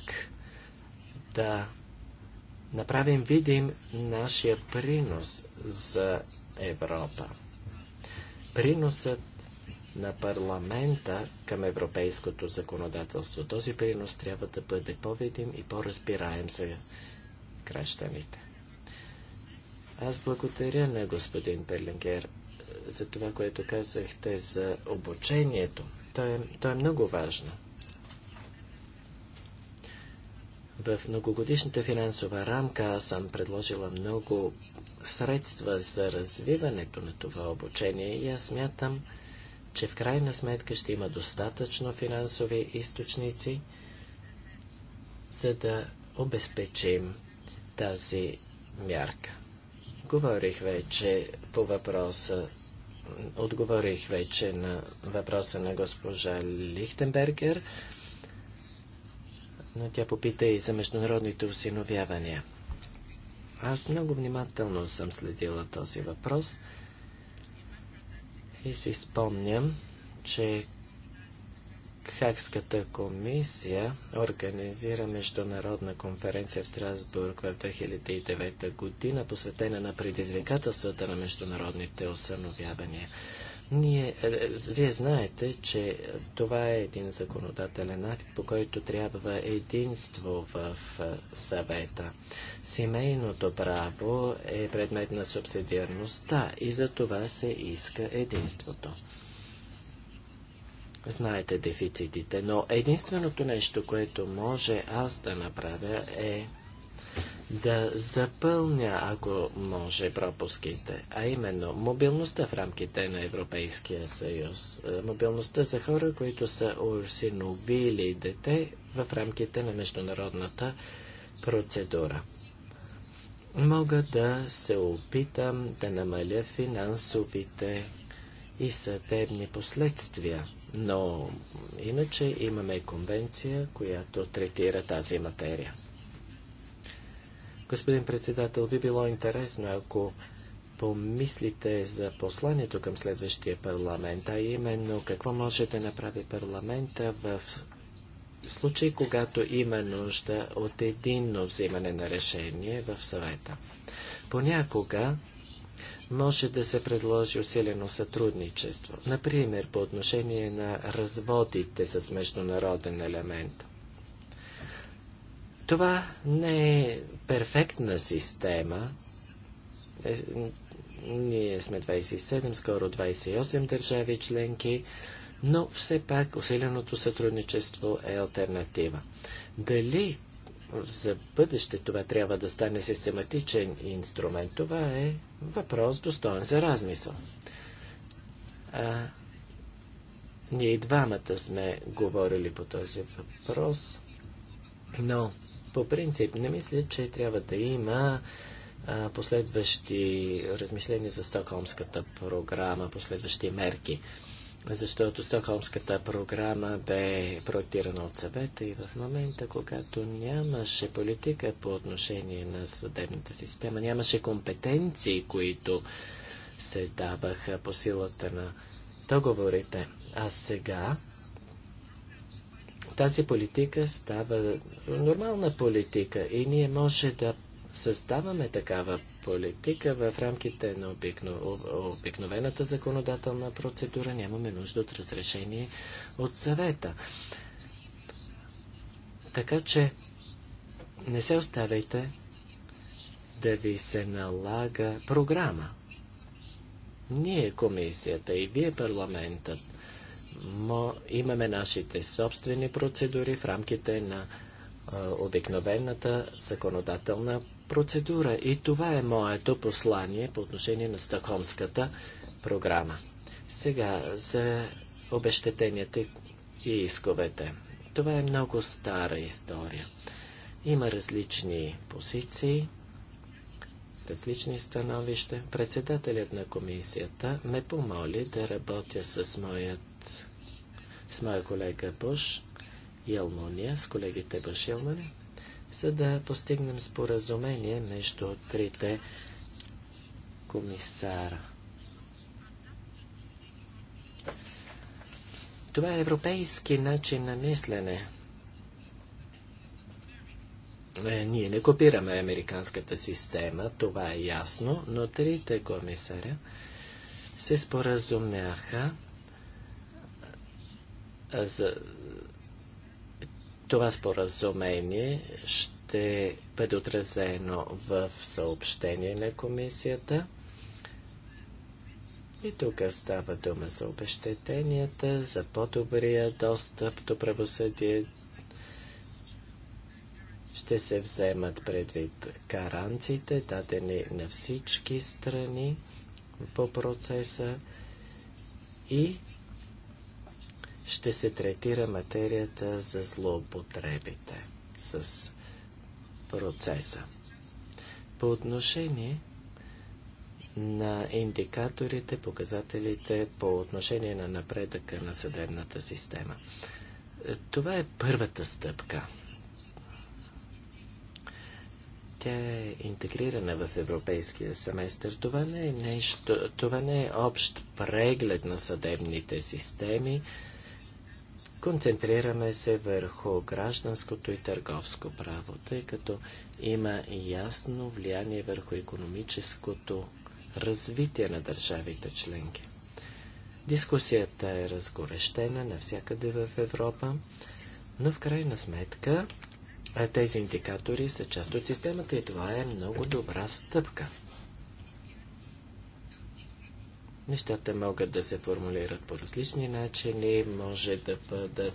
да направим видим нашия принос за Европа. Приносът на парламента към европейското законодателство. Този принос трябва да бъде по-видим и по-разбираем за гражданите. Аз благодаря на господин Берлингер за това, което казахте за обучението. То е, то е много важно. В многогодишната финансова рамка аз съм предложила много средства за развиването на това обучение и аз смятам, че в крайна сметка ще има достатъчно финансови източници, за да обезпечим тази мярка. Говорих вече по въпроса, отговорих вече на въпроса на госпожа Лихтенбергер но тя попита и за международните усиновявания. Аз много внимателно съм следила този въпрос и си спомням, че Хакската комисия организира международна конференция в Страсбург в 2009 година, посветена на предизвикателствата на международните осъновявания. Ние, е, е, вие знаете, че това е един законодателен акт, по който трябва единство в е, съвета. Семейното право е предмет на субсидиарността и за това се иска единството. Знаете дефицитите, но единственото нещо, което може аз да направя е да запълня, ако може, пропуските, а именно мобилността в рамките на Европейския съюз, е, мобилността за хора, които са усиновили дете в рамките на международната процедура. Мога да се опитам да намаля финансовите и съдебни последствия, но иначе имаме конвенция, която третира тази материя. Господин председател, би било интересно, ако помислите за посланието към следващия парламент, а именно какво може да направи парламента в случай, когато има нужда от единно взимане на решение в съвета. Понякога може да се предложи усилено сътрудничество, например по отношение на разводите с международен елемент. Това не е перфектна система. Е, ние сме 27, скоро 28 държави членки, но все пак усиленото сътрудничество е альтернатива. Дали за бъдеще това трябва да стане систематичен инструмент, това е въпрос достоен за размисъл. А, ние и двамата сме говорили по този въпрос, но по принцип не мисля, че трябва да има последващи размисления за Стокхолмската програма, последващи мерки. Защото Стокхолмската програма бе проектирана от съвета и в момента, когато нямаше политика по отношение на съдебната система, нямаше компетенции, които се даваха по силата на договорите. А сега тази политика става нормална политика и ние може да създаваме такава политика в рамките на обикно, обикновената законодателна процедура. Нямаме нужда от разрешение от съвета. Така че не се оставяйте да ви се налага програма. Ние, комисията и вие, парламентът, имаме нашите собствени процедури в рамките на обикновената законодателна процедура. И това е моето послание по отношение на Стокхолмската програма. Сега за обещетенията и исковете. Това е много стара история. Има различни позиции, различни становища. Председателят на комисията ме помоли да работя с моят с моя колега Буш и Алмония с колегите Буш и Алмония, за да постигнем споразумение между трите комисара. Това е европейски начин на мислене. Е, ние не копираме американската система, това е ясно, но трите комисаря се споразумяха за това споразумение ще бъде отразено в съобщение на комисията. И тук става дума за обещетенията, за по-добрия достъп до правосъдие. Ще се вземат предвид гаранциите, дадени на всички страни по процеса и ще се третира материята за злоупотребите с процеса. По отношение на индикаторите, показателите по отношение на напредъка на съдебната система. Това е първата стъпка. Тя е интегрирана в европейския семестър. Това не е нещо, това не е общ преглед на съдебните системи. Концентрираме се върху гражданското и търговско право, тъй като има ясно влияние върху економическото развитие на държавите членки. Дискусията е разгорещена навсякъде в Европа, но в крайна сметка тези индикатори са част от системата и това е много добра стъпка. Нещата могат да се формулират по различни начини, може да бъдат,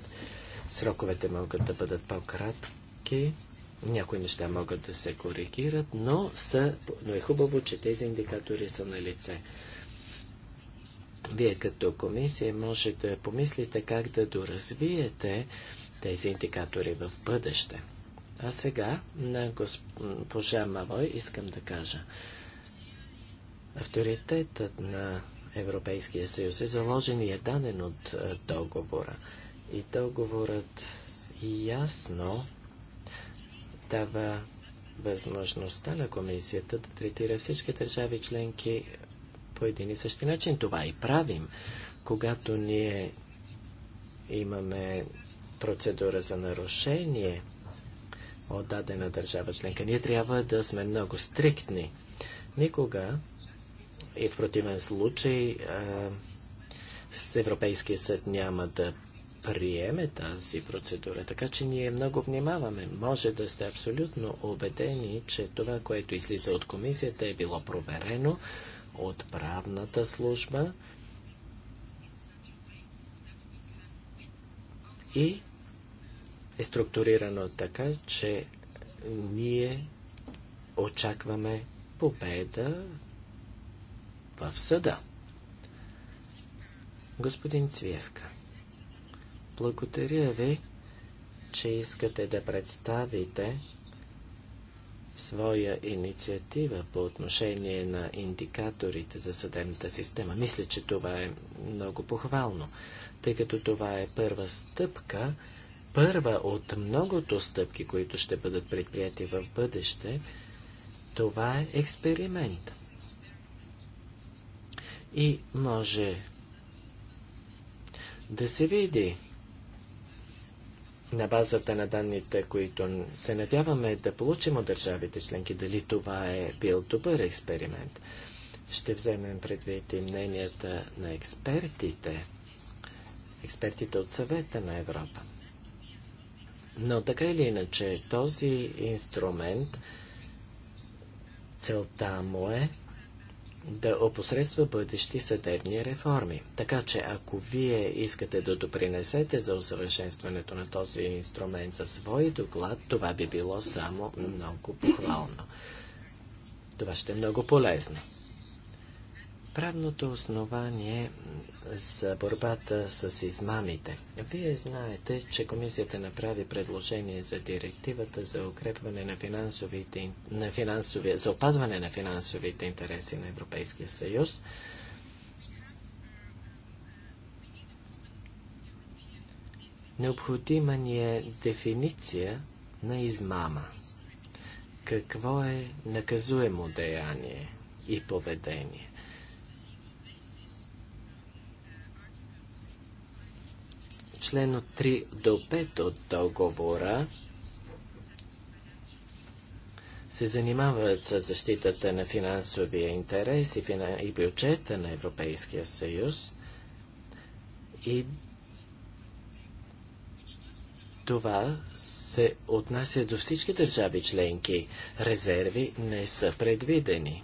сроковете могат да бъдат по-кратки, някои неща могат да се коригират, но, са, но е хубаво, че тези индикатори са на лице. Вие като комисия може да помислите как да доразвиете тези индикатори в бъдеще. А сега на госпожа Мавой искам да кажа. Авторитетът на Европейския съюз е заложен и е даден от е, договора. И договорът ясно дава възможността на комисията да третира всички държави членки по един и същи начин. Това и правим, когато ние имаме процедура за нарушение от дадена държава членка. Ние трябва да сме много стриктни. Никога и в противен случай с Европейския съд няма да приеме тази процедура. Така че ние много внимаваме. Може да сте абсолютно убедени, че това, което излиза от комисията е било проверено от правната служба и е структурирано така, че ние очакваме победа в съда. Господин Цвиевка, благодаря ви, че искате да представите своя инициатива по отношение на индикаторите за съдебната система. Мисля, че това е много похвално, тъй като това е първа стъпка, първа от многото стъпки, които ще бъдат предприяти в бъдеще. Това е експеримент и може да се види на базата на данните, които се надяваме да получим от държавите членки, дали това е бил добър експеримент. Ще вземем предвид и мненията на експертите, експертите от съвета на Европа. Но така или иначе, този инструмент, целта му е да опосредства бъдещи съдебни реформи. Така че ако вие искате да допринесете за усъвършенстването на този инструмент за свой доклад, това би било само много похвално. Това ще е много полезно. Правното основание за борбата с измамите. Вие знаете, че комисията направи предложение за директивата за укрепване на, финансовите, на финансови, за опазване на финансовите интереси на Европейския съюз. Необходима ни е дефиниция на измама. Какво е наказуемо деяние и поведение? член от 3 до 5 от договора се занимават с защитата на финансовия интерес и, финан... и бюджета на Европейския съюз и това се отнася до всички държави членки. Резерви не са предвидени.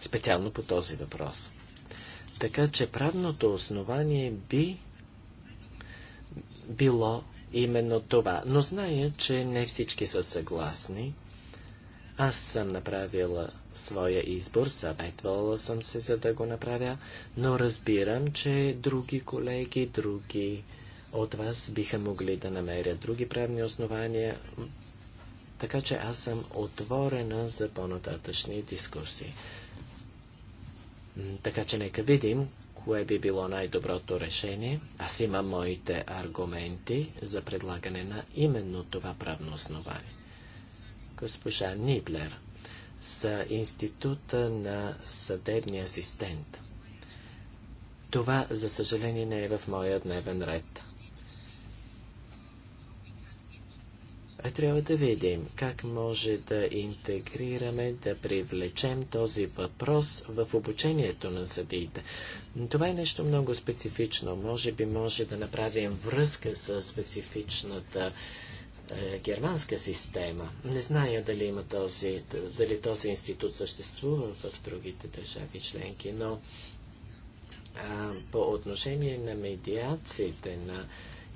Специално по този въпрос. Така че правното основание би било именно това. Но зная, че не всички са съгласни. Аз съм направила своя избор, съветвала съм се, за да го направя, но разбирам, че други колеги, други от вас биха могли да намерят други правни основания, така че аз съм отворена за по-нататъчни дискусии. Така че нека видим кое би било най-доброто решение. Аз имам моите аргументи за предлагане на именно това правно основание. Госпожа Ниблер с Института на съдебния асистент. Това, за съжаление, не е в моя дневен ред. Трябва да видим как може да интегрираме, да привлечем този въпрос в обучението на съдиите. Това е нещо много специфично. Може би може да направим връзка с специфичната е, германска система. Не зная дали, има този, дали този институт съществува в другите държави членки, но а, по отношение на медиациите, на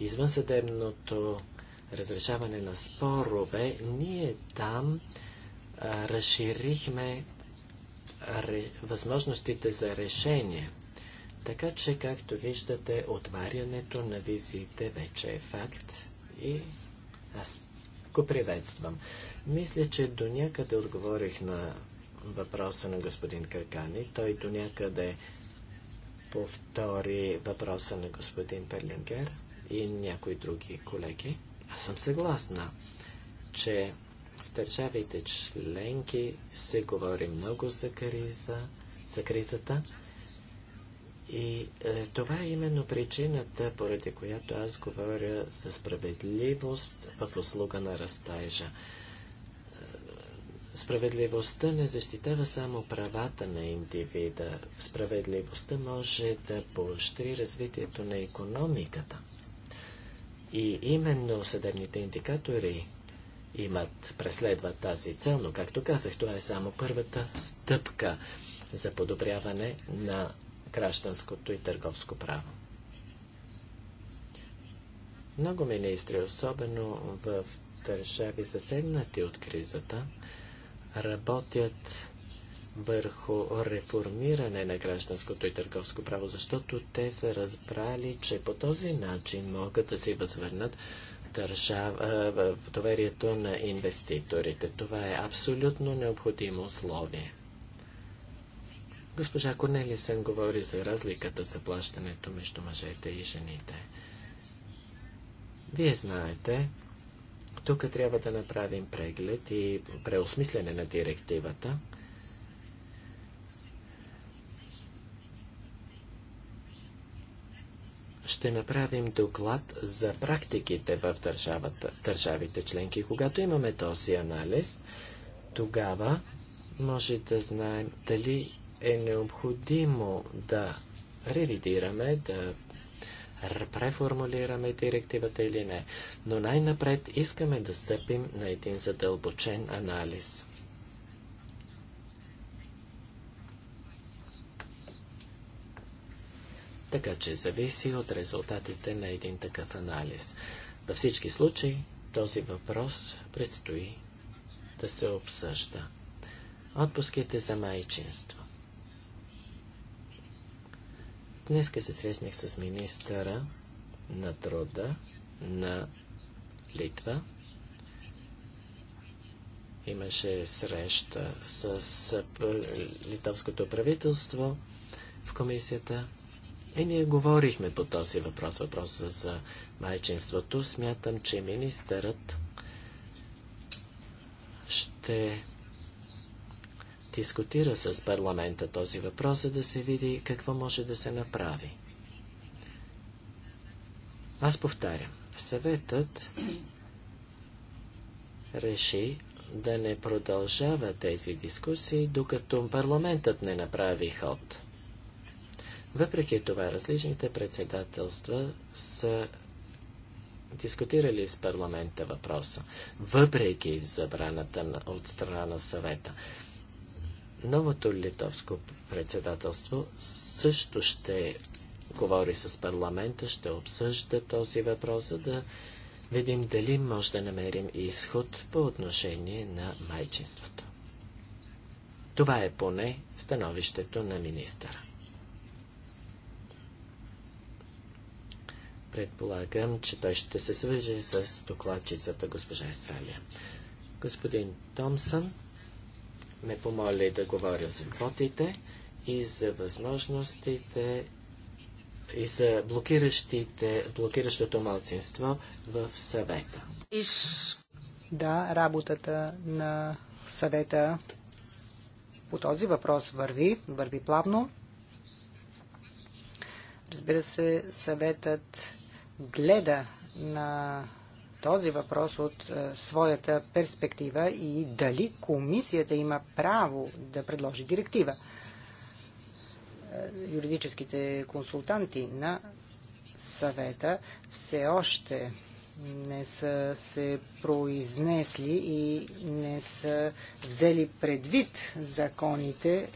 извънсъдебното разрешаване на спорове, ние там а, разширихме ре, възможностите за решение. Така че, както виждате, отварянето на визиите вече е факт и аз го приветствам. Мисля, че до някъде отговорих на въпроса на господин Каркани. Той до някъде повтори въпроса на господин Перлингер и някои други колеги. Аз съм съгласна, че в държавите членки се говори много за, криза, за кризата. И е, това е именно причината, поради която аз говоря за справедливост в услуга на растежа. Е, справедливостта не защитава само правата на индивида. Справедливостта може да поощри развитието на економиката. И именно съдебните индикатори имат, преследват тази цел, но както казах, това е само първата стъпка за подобряване на гражданското и търговско право. Много министри, особено в държави съседнати от кризата, работят върху реформиране на гражданското и търговско право, защото те са разбрали, че по този начин могат да си възвърнат в доверието на инвеститорите. Това е абсолютно необходимо условие. Госпожа Корнелисен говори за разликата в заплащането между мъжете и жените. Вие знаете, тук трябва да направим преглед и преосмислене на директивата – ще направим доклад за практиките в държавата, държавите членки. Когато имаме този анализ, тогава може да знаем дали е необходимо да ревидираме, да преформулираме директивата или не. Но най-напред искаме да стъпим на един задълбочен анализ. така че зависи от резултатите на един такъв анализ. Във всички случаи този въпрос предстои да се обсъжда. Отпуските за майчинство. Днеска се срещнах с министъра на труда на Литва. Имаше среща с е, литовското правителство в комисията и ние говорихме по този въпрос, въпроса за майчинството. Смятам, че министърът ще дискутира с парламента този въпрос, за да се види какво може да се направи. Аз повтарям, съветът реши да не продължава тези дискусии, докато парламентът не направи ход. Въпреки това, различните председателства са дискутирали с парламента въпроса, въпреки забраната от страна на съвета. Новото литовско председателство също ще говори с парламента, ще обсъжда този въпрос, за да видим дали може да намерим изход по отношение на майчинството. Това е поне становището на министъра. Предполагам, че той ще се свържи с докладчицата госпожа Естралия. Господин Томсън ме помоли да говоря за квотите и за възможностите и за блокиращите, блокиращото малцинство в съвета. Да, работата на съвета по този въпрос върви, върви плавно. Разбира се, съветът гледа на този въпрос от е, своята перспектива и дали комисията има право да предложи директива. Е, юридическите консултанти на съвета все още не са се произнесли и не са взели предвид законите,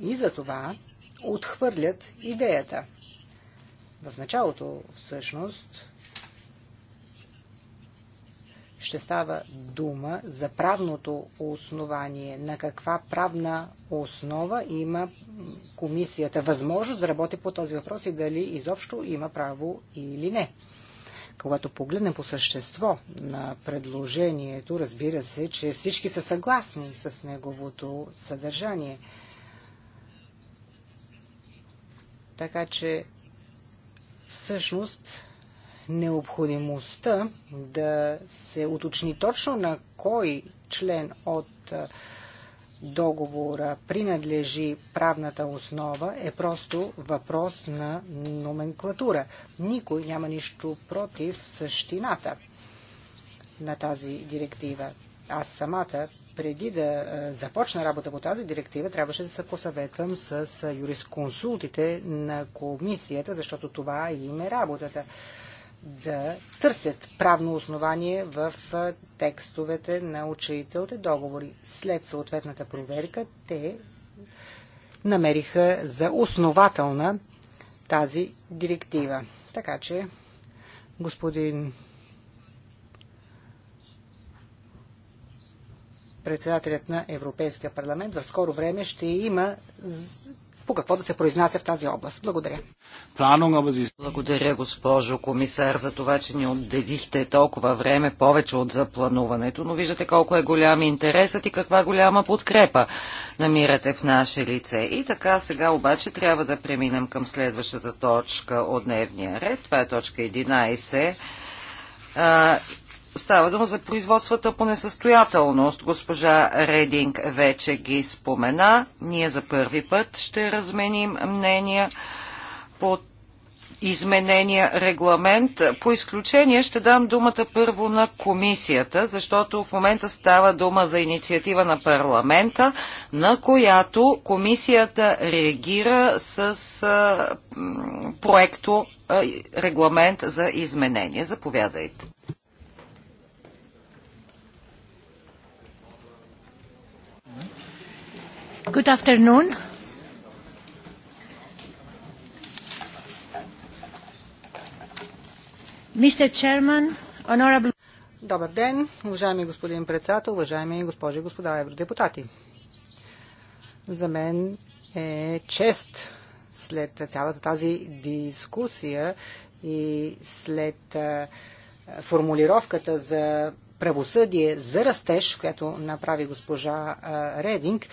И за това отхвърлят идеята. В началото, всъщност, ще става дума за правното основание. На каква правна основа има комисията възможност да работи по този въпрос и дали изобщо има право или не. Когато погледнем по същество на предложението, разбира се, че всички са съгласни с неговото съдържание – Така че всъщност необходимостта да се уточни точно на кой член от договора принадлежи правната основа е просто въпрос на номенклатура. Никой няма нищо против същината на тази директива. Аз самата преди да започна работа по тази директива, трябваше да се посъветвам с юрисконсултите на комисията, защото това им е работата да търсят правно основание в текстовете на учителите договори. След съответната проверка те намериха за основателна тази директива. Така че, господин председателят на Европейския парламент в скоро време ще има по какво да се произнася в тази област. Благодаря. Благодаря, госпожо комисар, за това, че ни отделихте толкова време повече от заплануването, но виждате колко е голям интересът и каква голяма подкрепа намирате в наше лице. И така, сега обаче трябва да преминем към следващата точка от дневния ред. Това е точка 11 Става дума за производствата по несъстоятелност. Госпожа Рединг вече ги спомена. Ние за първи път ще разменим мнения по изменения регламент. По изключение ще дам думата първо на комисията, защото в момента става дума за инициатива на парламента, на която комисията реагира с проекто регламент за изменение. Заповядайте. Good afternoon. Mr. Chairman, honorable... Добър ден, уважаеми господин председател, уважаеми госпожи и господа евродепутати. За мен е чест след цялата тази дискусия и след формулировката за правосъдие за растеж, която направи госпожа Рединг,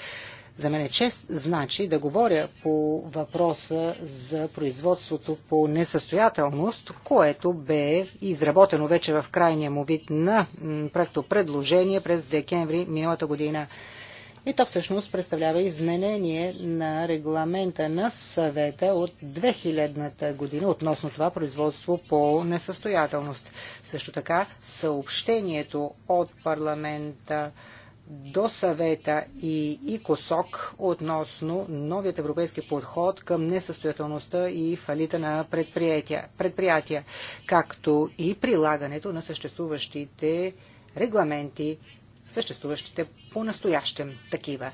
за мен е чест значи да говоря по въпроса за производството по несъстоятелност, което бе изработено вече в крайния му вид на проекто предложение през декември миналата година. И то всъщност представлява изменение на регламента на съвета от 2000-та година относно това производство по несъстоятелност. Също така съобщението от парламента до съвета и ИКОСОК относно новият европейски подход към несъстоятелността и фалита на предприятия, предприятия както и прилагането на съществуващите регламенти, съществуващите по-настоящем такива.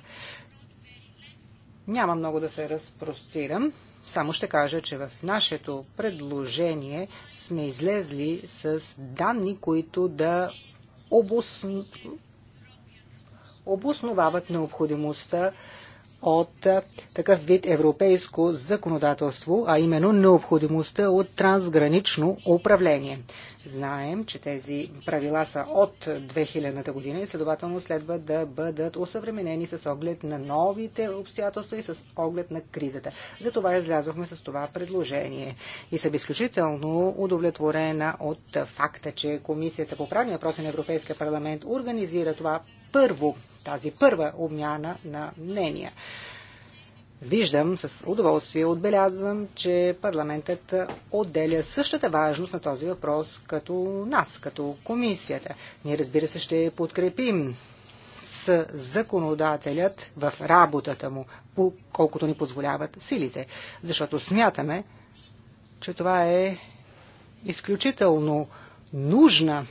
Няма много да се разпростирам. Само ще кажа, че в нашето предложение сме излезли с данни, които да обосноват обосновават необходимостта от такъв вид европейско законодателство, а именно необходимостта от трансгранично управление. Знаем, че тези правила са от 2000-та година и следователно следва да бъдат усъвременени с оглед на новите обстоятелства и с оглед на кризата. Затова излязохме с това предложение и съм изключително удовлетворена от факта, че Комисията по правни въпроси на Европейския парламент организира това първо, тази първа обмяна на мнения. Виждам, с удоволствие отбелязвам, че парламентът отделя същата важност на този въпрос като нас, като комисията. Ние разбира се ще подкрепим с законодателят в работата му, колкото ни позволяват силите, защото смятаме, че това е изключително нужна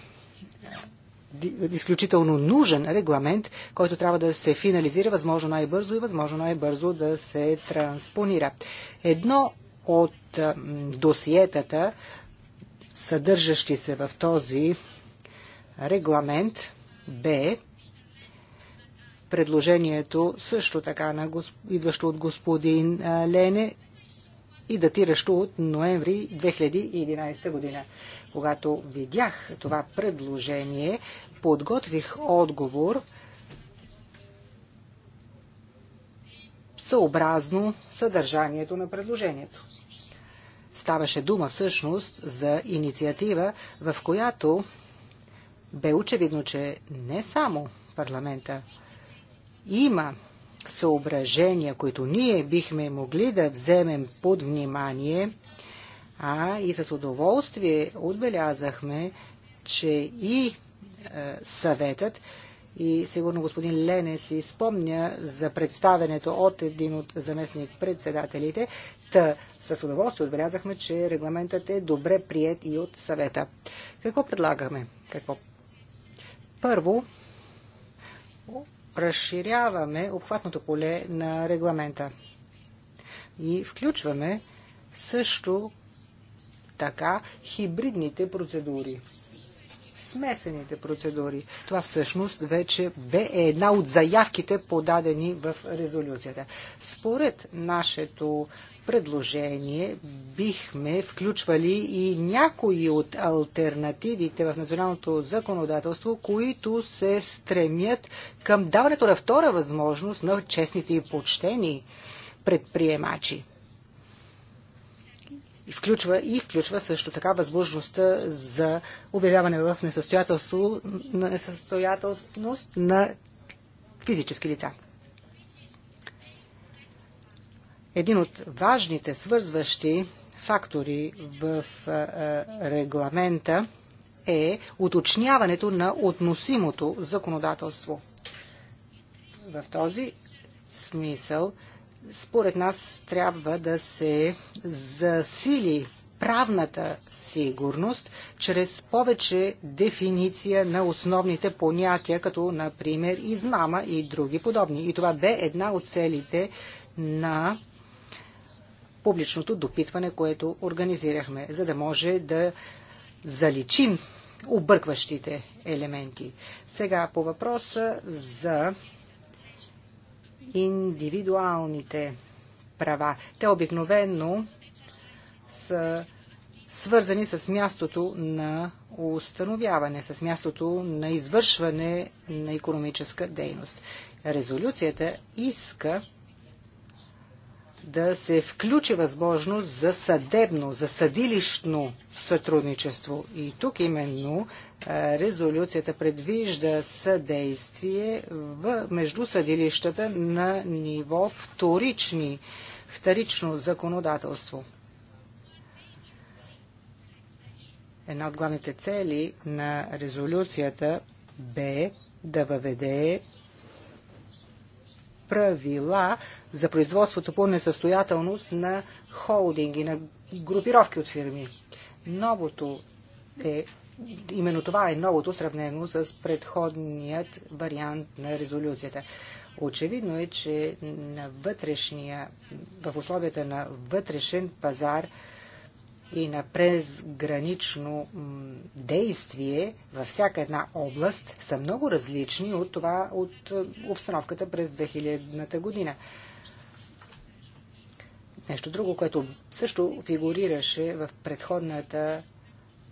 изключително нужен регламент, който трябва да се финализира възможно най-бързо и възможно най-бързо да се транспонира. Едно от досиетата, съдържащи се в този регламент, бе предложението също така на идващо от господин Лене и датиращо от ноември 2011 година. Когато видях това предложение, подготвих отговор съобразно съдържанието на предложението. Ставаше дума всъщност за инициатива, в която бе очевидно, че не само парламента има съображения, които ние бихме могли да вземем под внимание, а и с удоволствие отбелязахме, че и е, съветът и сигурно господин Лене си спомня за представенето от един от заместник председателите. Та с удоволствие отбелязахме, че регламентът е добре прият и от съвета. Какво предлагаме? Какво? Първо, разширяваме обхватното поле на регламента. И включваме също така хибридните процедури смесените процедури. Това всъщност вече бе е една от заявките подадени в резолюцията. Според нашето предложение бихме включвали и някои от альтернативите в националното законодателство, които се стремят към даването на втора възможност на честните и почтени предприемачи. И включва, и включва също така възможността за обявяване в несъстоятелност на физически лица. един от важните свързващи фактори в регламента е уточняването на относимото законодателство. В този смисъл, според нас, трябва да се засили правната сигурност чрез повече дефиниция на основните понятия, като, например, измама и други подобни. И това бе една от целите на публичното допитване, което организирахме, за да може да заличим объркващите елементи. Сега по въпроса за индивидуалните права. Те обикновено са свързани с мястото на установяване, с мястото на извършване на економическа дейност. Резолюцията иска да се включи възможност за съдебно, за съдилищно сътрудничество. И тук именно е, резолюцията предвижда съдействие в, между съдилищата на ниво вторични, вторично законодателство. Една от главните цели на резолюцията бе да въведе правила, за производството по несъстоятелност на холдинги, на групировки от фирми. Новото е, именно това е новото сравнено с предходният вариант на резолюцията. Очевидно е, че на вътрешния, в условията на вътрешен пазар и на презгранично действие във всяка една област са много различни от това от е, обстановката през 2000-та година. Нещо друго, което също фигурираше в предходната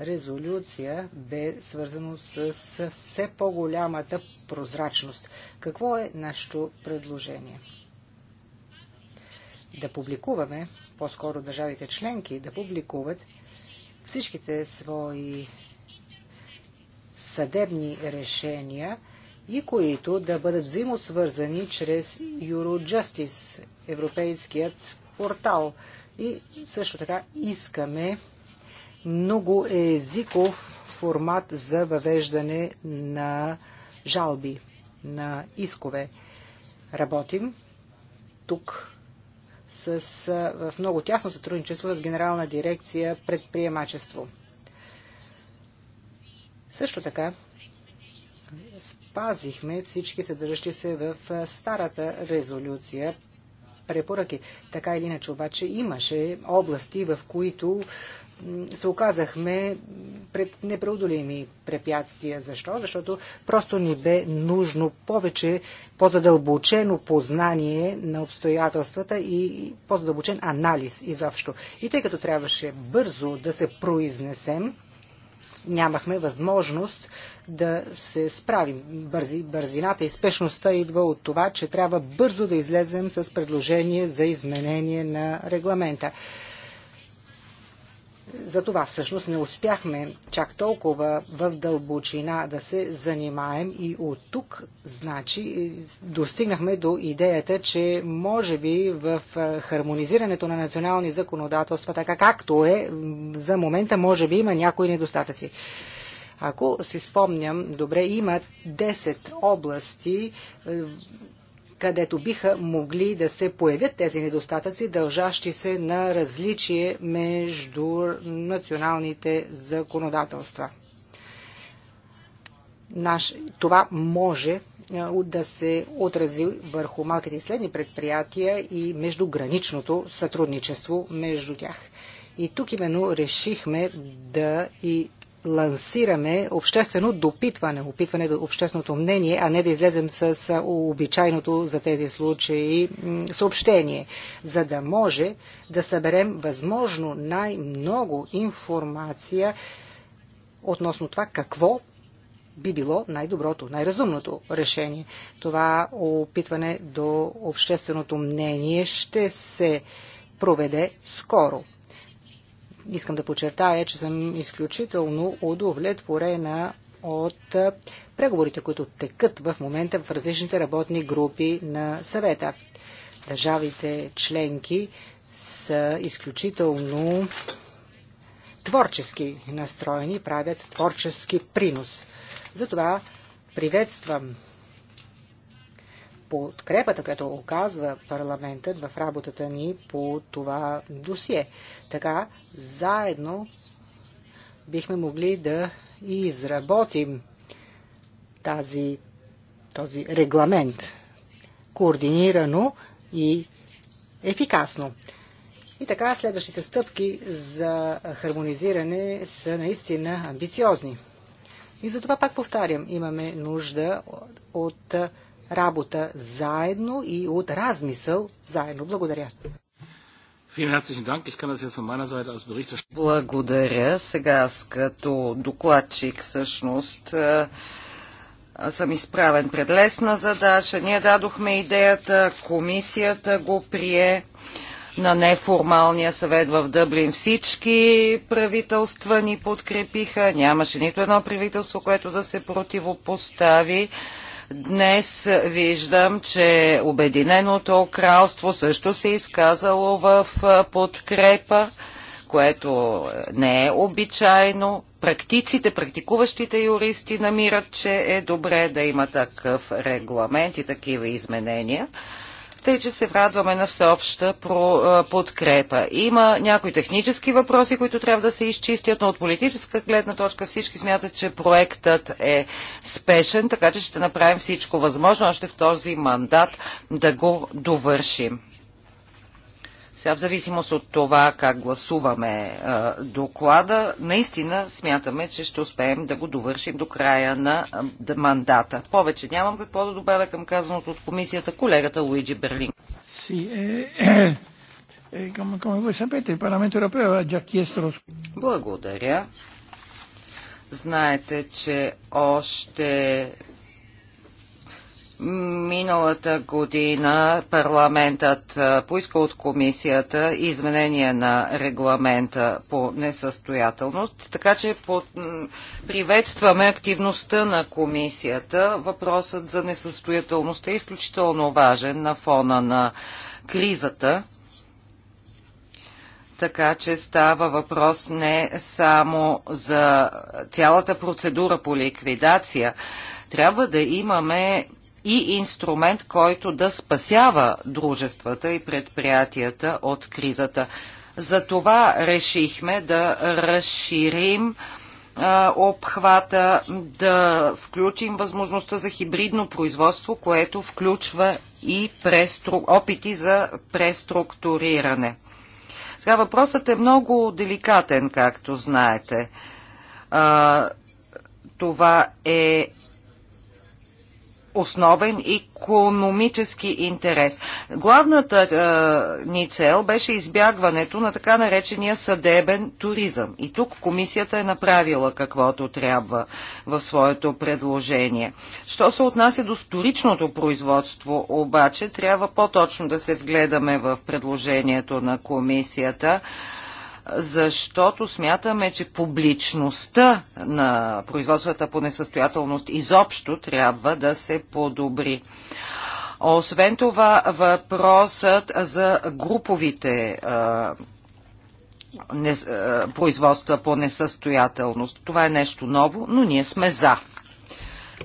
резолюция, бе свързано с все по-голямата прозрачност. Какво е нашето предложение? Да публикуваме, по-скоро държавите членки да публикуват всичките свои съдебни решения и които да бъдат взаимосвързани чрез Eurojustice, Европейският портал. И също така искаме много езиков формат за въвеждане на жалби, на искове. Работим тук с, в много тясно сътрудничество с Генерална дирекция предприемачество. Също така спазихме всички съдържащи се в старата резолюция препоръки. Така или иначе обаче имаше области, в които се оказахме пред непреодолими препятствия. Защо? Защото просто ни бе нужно повече по-задълбочено познание на обстоятелствата и по-задълбочен анализ изобщо. И тъй като трябваше бързо да се произнесем, нямахме възможност да се справим. Бързи, бързината и спешността идва от това, че трябва бързо да излезем с предложение за изменение на регламента. За това всъщност не успяхме чак толкова в дълбочина да се занимаем и от тук, значи, достигнахме до идеята, че може би в хармонизирането на национални законодателства, така както е, за момента може би има някои недостатъци. Ако си спомням добре, има 10 области, е, където биха могли да се появят тези недостатъци, дължащи се на различие между националните законодателства. Наш, това може да се отрази върху малките и средни предприятия и междуграничното сътрудничество между тях. И тук именно решихме да и лансираме обществено допитване, опитване до общественото мнение, а не да излезем с обичайното за тези случаи съобщение, за да може да съберем възможно най-много информация относно това какво би било най-доброто, най-разумното решение. Това опитване до общественото мнение ще се проведе скоро искам да подчертая, че съм изключително удовлетворена от преговорите, които текат в момента в различните работни групи на съвета. Държавите членки са изключително творчески настроени, правят творчески принос. Затова приветствам подкрепата, която оказва парламентът в работата ни по това досие. Така, заедно бихме могли да изработим тази, този регламент координирано и ефикасно. И така следващите стъпки за хармонизиране са наистина амбициозни. И за това, пак повтарям, имаме нужда от, от работа заедно и от размисъл заедно. Благодаря. Благодаря. Сега аз като докладчик всъщност е, съм изправен пред лесна задача. Ние дадохме идеята, комисията го прие на неформалния съвет в Дъблин. Всички правителства ни подкрепиха. Нямаше нито едно правителство, което да се противопостави. Днес виждам, че Обединеното кралство също се е изказало в подкрепа, което не е обичайно. Практиците, практикуващите юристи намират, че е добре да има такъв регламент и такива изменения тъй че се радваме на всеобща подкрепа. Има някои технически въпроси, които трябва да се изчистят, но от политическа гледна точка всички смятат, че проектът е спешен, така че ще направим всичко възможно още в този мандат да го довършим. Сега в зависимост от това как гласуваме а, е, доклада, наистина смятаме, че ще успеем да го довършим до края на а, е, мандата. Повече нямам какво да добавя към казаното от комисията колегата Луиджи Берлин. Е, Благодаря. Знаете, че още Миналата година парламентът поиска от комисията изменение на регламента по несъстоятелност, така че под... приветстваме активността на комисията. Въпросът за несъстоятелността е изключително важен на фона на кризата. Така че става въпрос не само за цялата процедура по ликвидация, трябва да имаме и инструмент, който да спасява дружествата и предприятията от кризата. Затова решихме да разширим а, обхвата, да включим възможността за хибридно производство, което включва и престру... опити за преструктуриране. Сега въпросът е много деликатен, както знаете. А, това е основен економически интерес. Главната е, ни цел беше избягването на така наречения съдебен туризъм. И тук комисията е направила каквото трябва в своето предложение. Що се отнася до вторичното производство, обаче трябва по-точно да се вгледаме в предложението на комисията. Комисията защото смятаме, че публичността на производствата по несъстоятелност изобщо трябва да се подобри. Освен това, въпросът за груповите а, не, а, производства по несъстоятелност. Това е нещо ново, но ние сме за.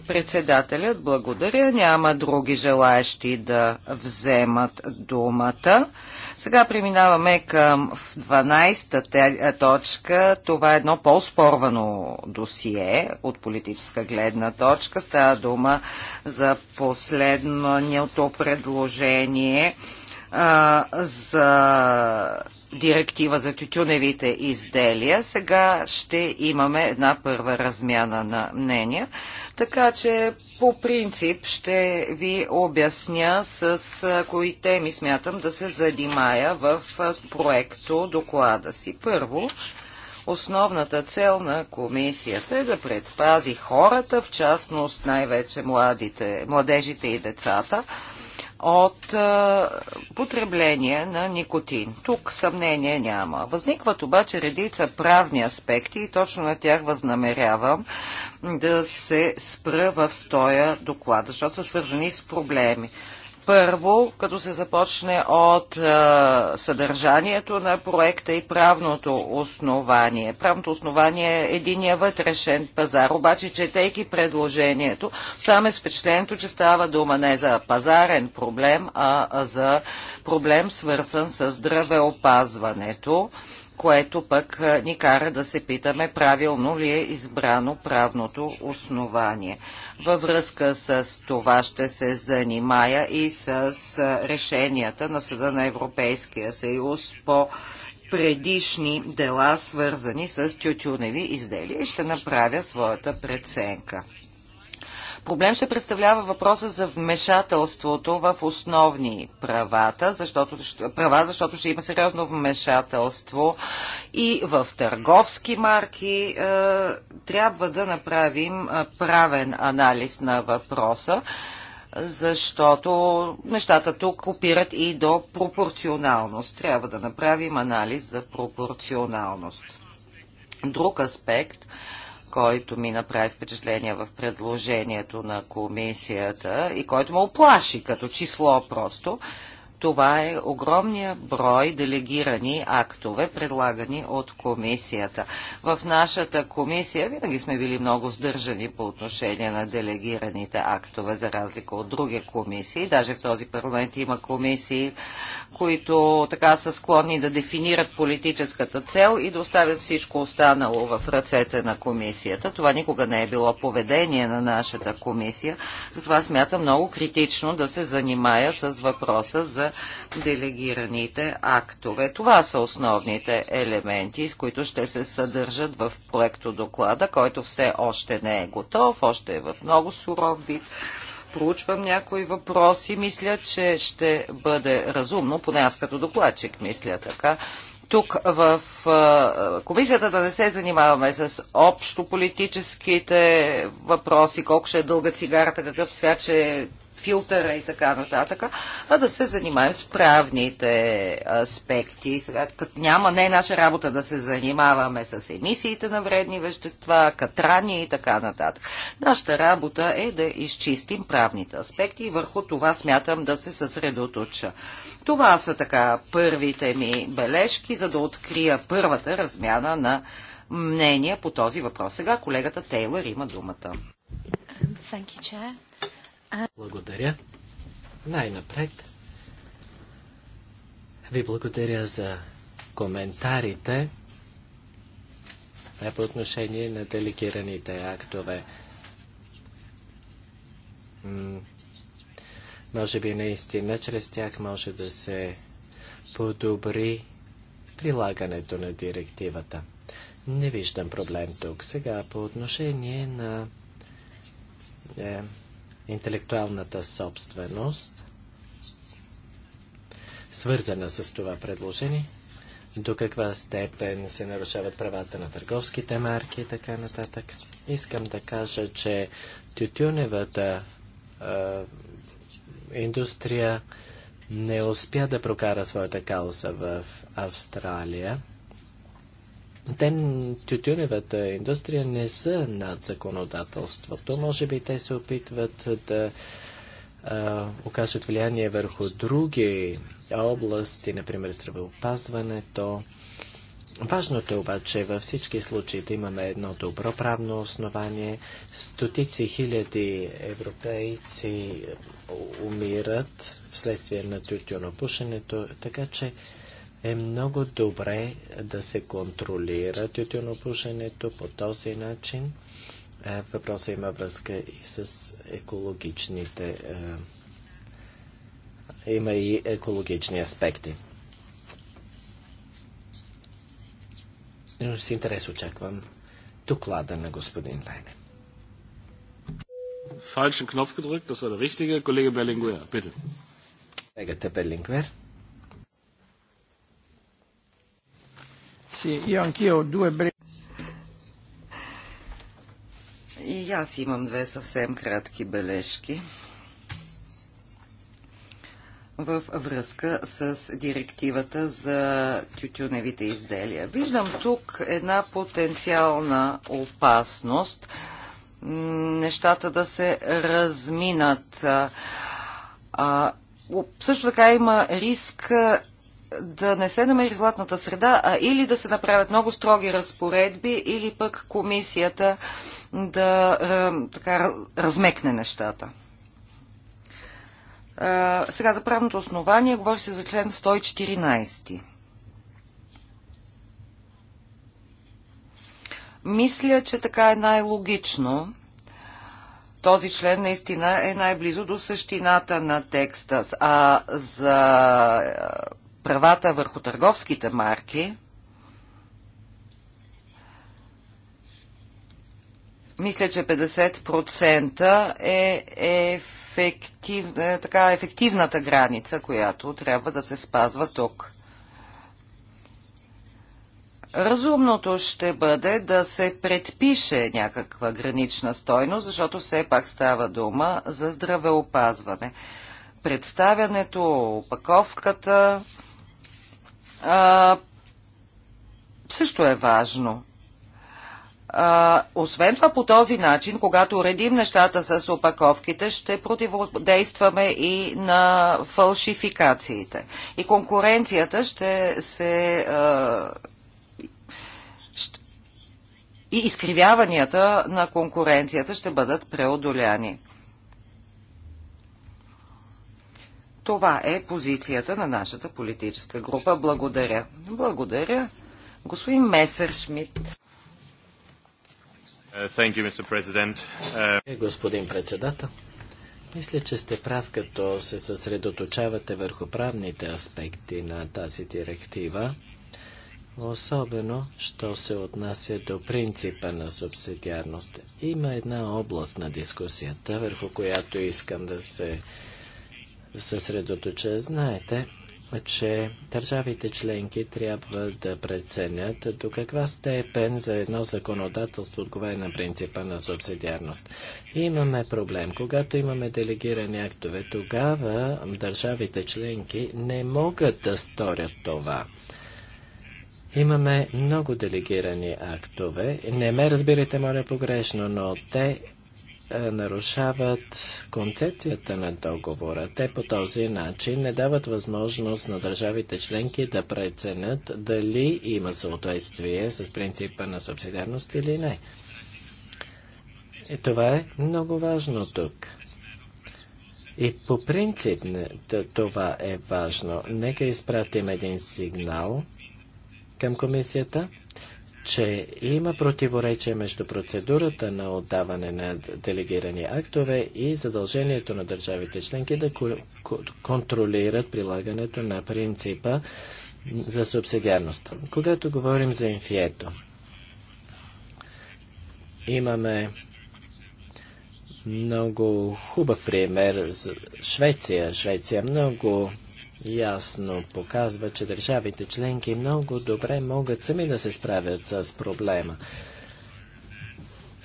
Председателят, благодаря. Няма други желаящи да вземат думата. Сега преминаваме към 12-та е, точка. Това е едно по-спорвано досие от политическа гледна точка. Става дума за последното предложение а, за директива за тютюневите изделия. Сега ще имаме една първа размяна на мнения. Така че по принцип ще ви обясня с кои теми смятам да се задимая в проекто доклада си. Първо, Основната цел на комисията е да предпази хората, в частност най-вече младите, младежите и децата, от а, е, потребление на никотин. Тук съмнение няма. Възникват обаче редица правни аспекти и точно на тях възнамерявам да се спра в стоя доклад, защото са свържени с проблеми. Първо, като се започне от е, съдържанието на проекта и правното основание. Правното основание е единия вътрешен пазар, обаче четейки предложението, ставаме с впечатлението, че става дума не за пазарен проблем, а за проблем свързан с здравеопазването което пък ни кара да се питаме правилно ли е избрано правното основание. Във връзка с това ще се занимая и с решенията на Съда на Европейския съюз по предишни дела, свързани с тютюневи изделия и ще направя своята преценка. Проблем ще представлява въпроса за вмешателството в основни правата, защото, права, защото ще има сериозно вмешателство и в търговски марки. Е, трябва да направим е, правен анализ на въпроса защото нещата тук опират и до пропорционалност. Трябва да направим анализ за пропорционалност. Друг аспект – който ми направи впечатление в предложението на комисията и който ме оплаши като число просто, това е огромния брой делегирани актове, предлагани от комисията. В нашата комисия винаги сме били много сдържани по отношение на делегираните актове, за разлика от други комисии. Даже в този парламент има комисии, които така са склонни да дефинират политическата цел и да оставят всичко останало в ръцете на комисията. Това никога не е било поведение на нашата комисия. Затова смятам много критично да се занимая с въпроса за делегираните актове. Това са основните елементи, с които ще се съдържат в проекто доклада, който все още не е готов, още е в много суров вид проучвам някои въпроси. Мисля, че ще бъде разумно, поне аз като докладчик мисля така, тук в комисията да не се занимаваме с общо политическите въпроси, колко ще е дълга цигарата, какъв свят ще е филтъра и така нататък, а да се занимаем с правните аспекти. Сега, като няма, не е наша работа да се занимаваме с емисиите на вредни вещества, катрани и така нататък. Нашата работа е да изчистим правните аспекти и върху това смятам да се съсредоточа. Това са така първите ми бележки, за да открия първата размяна на мнения по този въпрос. Сега колегата Тейлър има думата. Thank you, Chair. Благодаря. Най-напред ви благодаря за коментарите е по отношение на делегираните актове. М може би наистина чрез тях може да се подобри прилагането на директивата. Не виждам проблем тук. Сега по отношение на е, интелектуалната собственост, свързана с това предложение, до каква степен се нарушават правата на търговските марки и така нататък. Искам да кажа, че тютюневата а, индустрия не успя да прокара своята кауза в Австралия те, тютюневата индустрия не са над законодателството. Може би те се опитват да а, окажат влияние върху други области, например здравеопазването. Важното е обаче във всички случаи да имаме едно добро правно основание. Стотици хиляди европейци умират вследствие на тютюнопушенето, така че е много добре да се контролира тютюнопушенето по този начин. Е, въпросът има връзка и с екологичните. Е, има и екологични аспекти. С интерес очаквам доклада на господин Лайне. Falschen Knopf gedrückt, das war der richtige. Kollege Berlinguer, bitte. Kollege Berlinguer. io anch'io due brevi... И аз имам две съвсем кратки бележки в връзка с директивата за тютюневите изделия. Виждам тук една потенциална опасност нещата да се разминат. А, също така има риск да не се намери златната среда, а или да се направят много строги разпоредби, или пък комисията да е, така, размекне нещата. Е, сега за правното основание говори се за член 114. Мисля, че така е най-логично. Този член наистина е най-близо до същината на текста. А за правата върху търговските марки, мисля, че 50% е ефективна, е, така, ефективната граница, която трябва да се спазва тук. Разумното ще бъде да се предпише някаква гранична стойност, защото все пак става дума за здравеопазване. Представянето, опаковката, а, също е важно. А, освен това, по този начин, когато уредим нещата с опаковките, ще противодействаме и на фалшификациите. И конкуренцията ще се. А, ще, и изкривяванията на конкуренцията ще бъдат преодоляни. Това е позицията на нашата политическа група. Благодаря. Благодаря. Господин Месершмит. Uh, you, uh, е, Господин председател, мисля, че сте прав, като се съсредоточавате върху правните аспекти на тази директива, особено, що се отнася до принципа на субсидиарност. Има една област на дискусията, върху която искам да се съсредоточат. Знаете, че държавите членки трябва да преценят до каква степен за едно законодателство отговаря на принципа на субсидиарност. И имаме проблем. Когато имаме делегирани актове, тогава държавите членки не могат да сторят това. Имаме много делегирани актове. Не ме разбирайте, моля, погрешно, но те е, нарушават концепцията на договора. Те по този начин не дават възможност на държавите членки да преценят дали има съответствие с принципа на субсидиарност или не. И е, това е много важно тук. И по принцип това е важно. Нека изпратим един сигнал към комисията – че има противоречие между процедурата на отдаване на делегирани актове и задължението на държавите членки да контролират прилагането на принципа за субсидиарност. Когато говорим за инфието, имаме много хубав пример за Швеция. Швеция много ясно показва, че държавите членки много добре могат сами да се справят с проблема.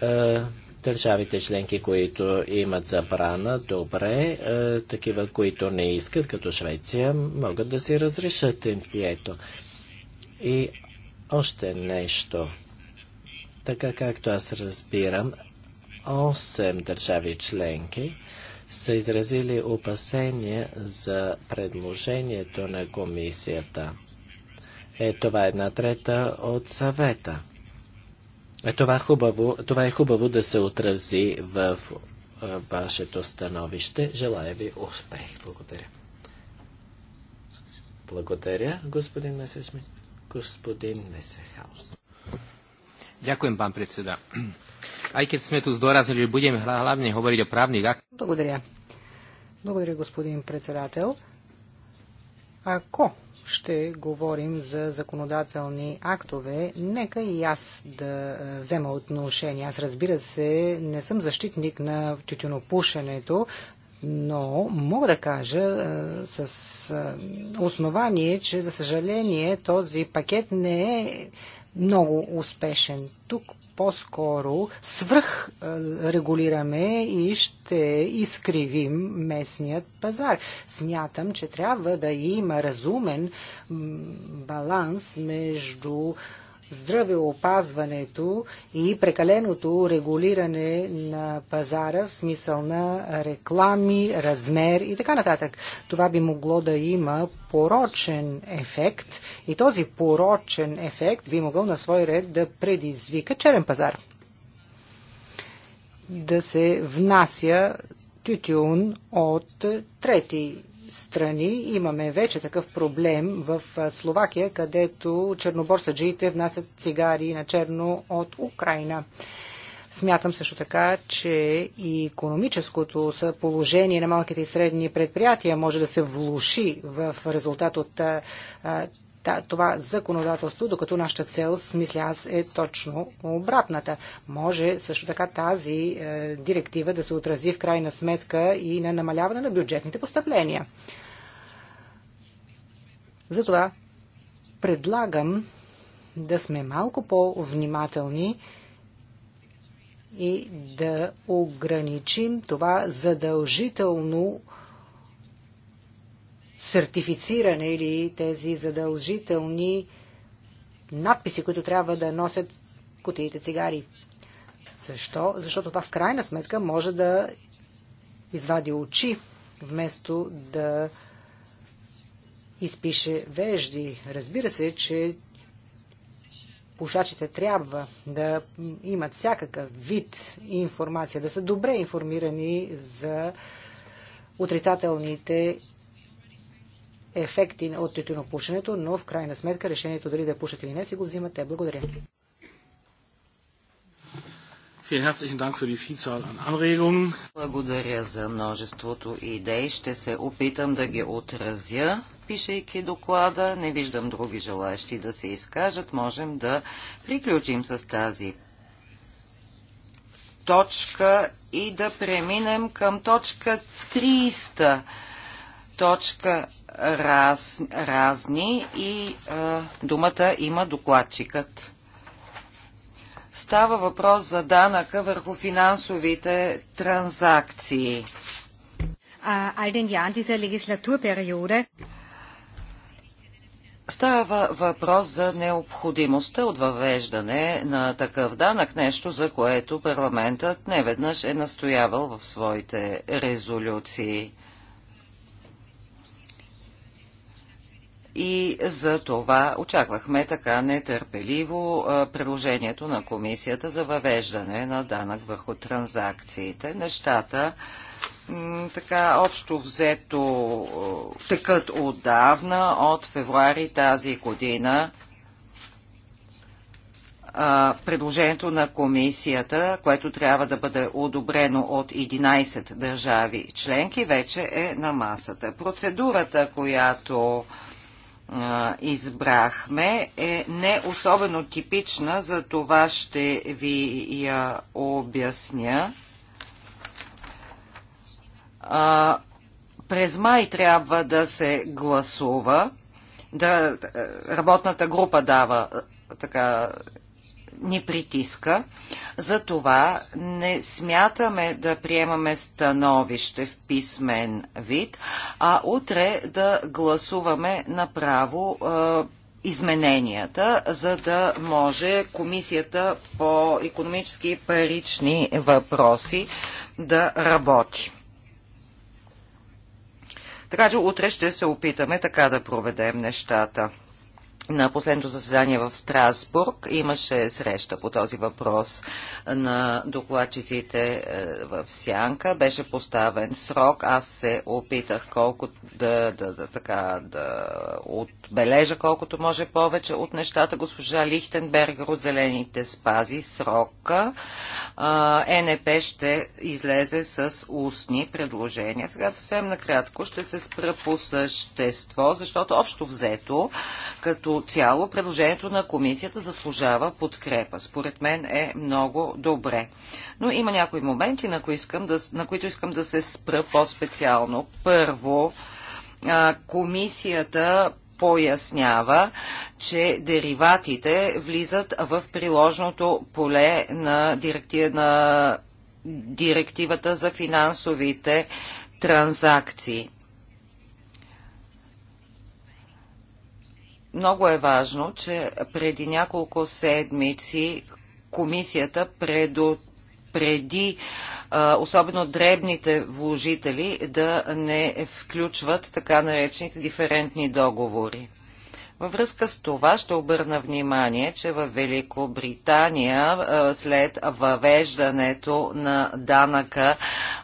Е, държавите членки, които имат забрана, добре, е, такива, които не искат, като Швеция, могат да си разрешат инфието. И още нещо. Така както аз разбирам, 8 държави членки са изразили опасения за предложението на комисията. Е, това е една трета от съвета. Е, това, е хубаво, това е хубаво да се отрази в е, вашето становище. Желая ви успех. Благодаря. Благодаря, господин Месешми. Господин Месехаус. Дякуем, вам, председател. Aj keď sme tu zdôraznili, že budeme hlavne hovoriť o právnych aktoch. Благодаря. Dobre, господин председател. Ако ще говорим за законодателни актове, нека и аз да е, взема отношение. Аз разбира се, не съм защитник на тютюнопушенето, но мога да кажа е, с е, основание, че за съжаление този пакет не е много успешен. Тук по-скоро свръхрегулираме и ще изкривим местният пазар. Смятам, че трябва да има разумен баланс между здравеопазването и прекаленото регулиране на пазара в смисъл на реклами, размер и така нататък. Това би могло да има порочен ефект и този порочен ефект би могъл на свой ред да предизвика черен пазар. Да се внася тютюн от трети страни имаме вече такъв проблем в Словакия, където черноборсаджиите внасят цигари на черно от Украина. Смятам също така, че и економическото положение на малките и средни предприятия може да се влуши в резултат от това законодателство, докато нашата цел, смисля аз, е точно обратната. Може също така тази е, директива да се отрази в крайна сметка и на намаляване на бюджетните постъпления. Затова предлагам да сме малко по-внимателни и да ограничим това задължително сертифициране или тези задължителни надписи, които трябва да носят кутиите цигари. Защо? Защото това в крайна сметка може да извади очи, вместо да изпише вежди. Разбира се, че пушачите трябва да имат всякакъв вид информация, да са добре информирани за отрицателните ефекти от тютюнопушенето, но в крайна сметка решението дали да пушат или не си го взимат те. Благодаря. Благодаря за множеството идеи. Ще се опитам да ги отразя, пишейки доклада. Не виждам други желаящи да се изкажат. Можем да приключим с тази точка и да преминем към точка 300. Точка раз, разни и а, думата има докладчикът. Става въпрос за данъка върху финансовите транзакции. all den Jahren dieser Legislaturperiode Става въпрос за необходимостта от въвеждане на такъв данък, нещо за което парламентът неведнъж е настоявал в своите резолюции. и за това очаквахме така нетърпеливо предложението на комисията за въвеждане на данък върху транзакциите. Нещата така общо взето тъкът отдавна, от февруари тази година предложението на комисията, което трябва да бъде одобрено от 11 държави членки, вече е на масата. Процедурата, която избрахме, е не особено типична, за това ще ви я обясня. А, през май трябва да се гласува. Да, работната група дава така ни притиска. Затова не смятаме да приемаме становище в писмен вид, а утре да гласуваме направо е, измененията, за да може Комисията по економически и парични въпроси да работи. Така че утре ще се опитаме така да проведем нещата на последното заседание в Страсбург имаше среща по този въпрос на докладчиците е, в Сянка. Беше поставен срок. Аз се опитах колко да, да, да, така, да отбележа колкото може повече от нещата. Госпожа Лихтенбергер от Зелените спази срока. А, ЕНП ще излезе с устни предложения. Сега съвсем накратко ще се спра по същество, защото общо взето като цяло предложението на комисията заслужава подкрепа. Според мен е много добре. Но има някои моменти, на, кои искам да, на които искам да се спра по-специално. Първо, комисията пояснява, че дериватите влизат в приложното поле на, директив, на директивата за финансовите транзакции. Много е важно, че преди няколко седмици комисията предо, преди а, особено дребните вложители да не включват така наречените диферентни договори. Във връзка с това ще обърна внимание, че в Великобритания след въвеждането на данъка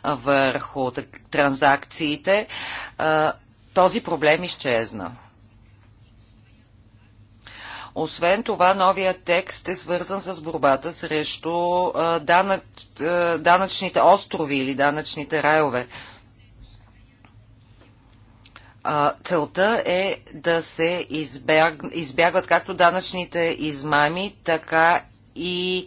върху транзакциите този проблем изчезна. Освен това, новия текст е свързан с борбата срещу данъчните острови или данъчните райове. Целта е да се избягват както данъчните измами, така и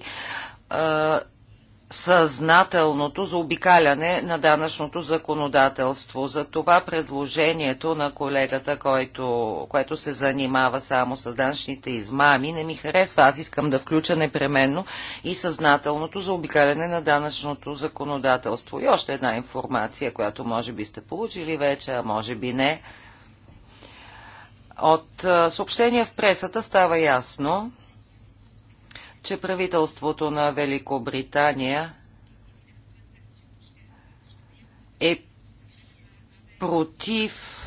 съзнателното заобикаляне на данъчното законодателство. За това предложението на колегата, който, което се занимава само с данъчните измами, не ми харесва. Аз искам да включа непременно и съзнателното заобикаляне на данъчното законодателство. И още една информация, която може би сте получили вече, а може би не. От съобщения в пресата става ясно, че правителството на Великобритания е против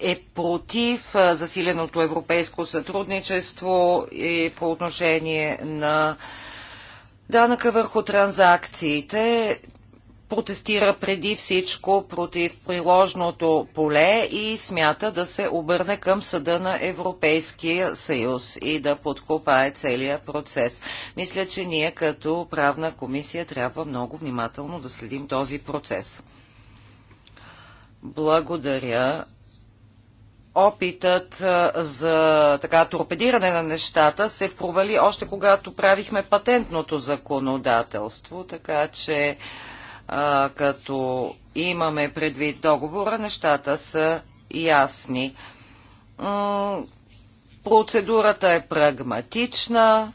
е против засиленото европейско сътрудничество и по отношение на данъка върху транзакциите протестира преди всичко против приложното поле и смята да се обърне към съда на Европейския съюз и да подкопае целия процес. Мисля, че ние като правна комисия трябва много внимателно да следим този процес. Благодаря опитът за така торпедиране на нещата се провали още когато правихме патентното законодателство, така че а, като имаме предвид договора, нещата са ясни. М процедурата е прагматична,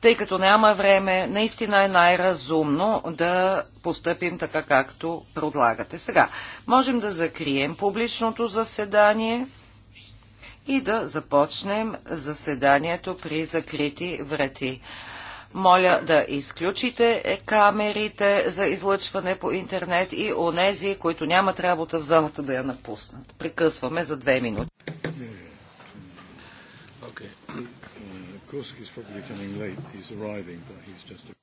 тъй като няма време, наистина е най-разумно да постъпим така, както предлагате. Сега, можем да закрием публичното заседание и да започнем заседанието при закрити врати. Моля да изключите е, камерите за излъчване по интернет и онези, които нямат работа в залата да я напуснат. Прекъсваме за две минути. Okay. Uh, probably coming late. He's arriving, but he's just...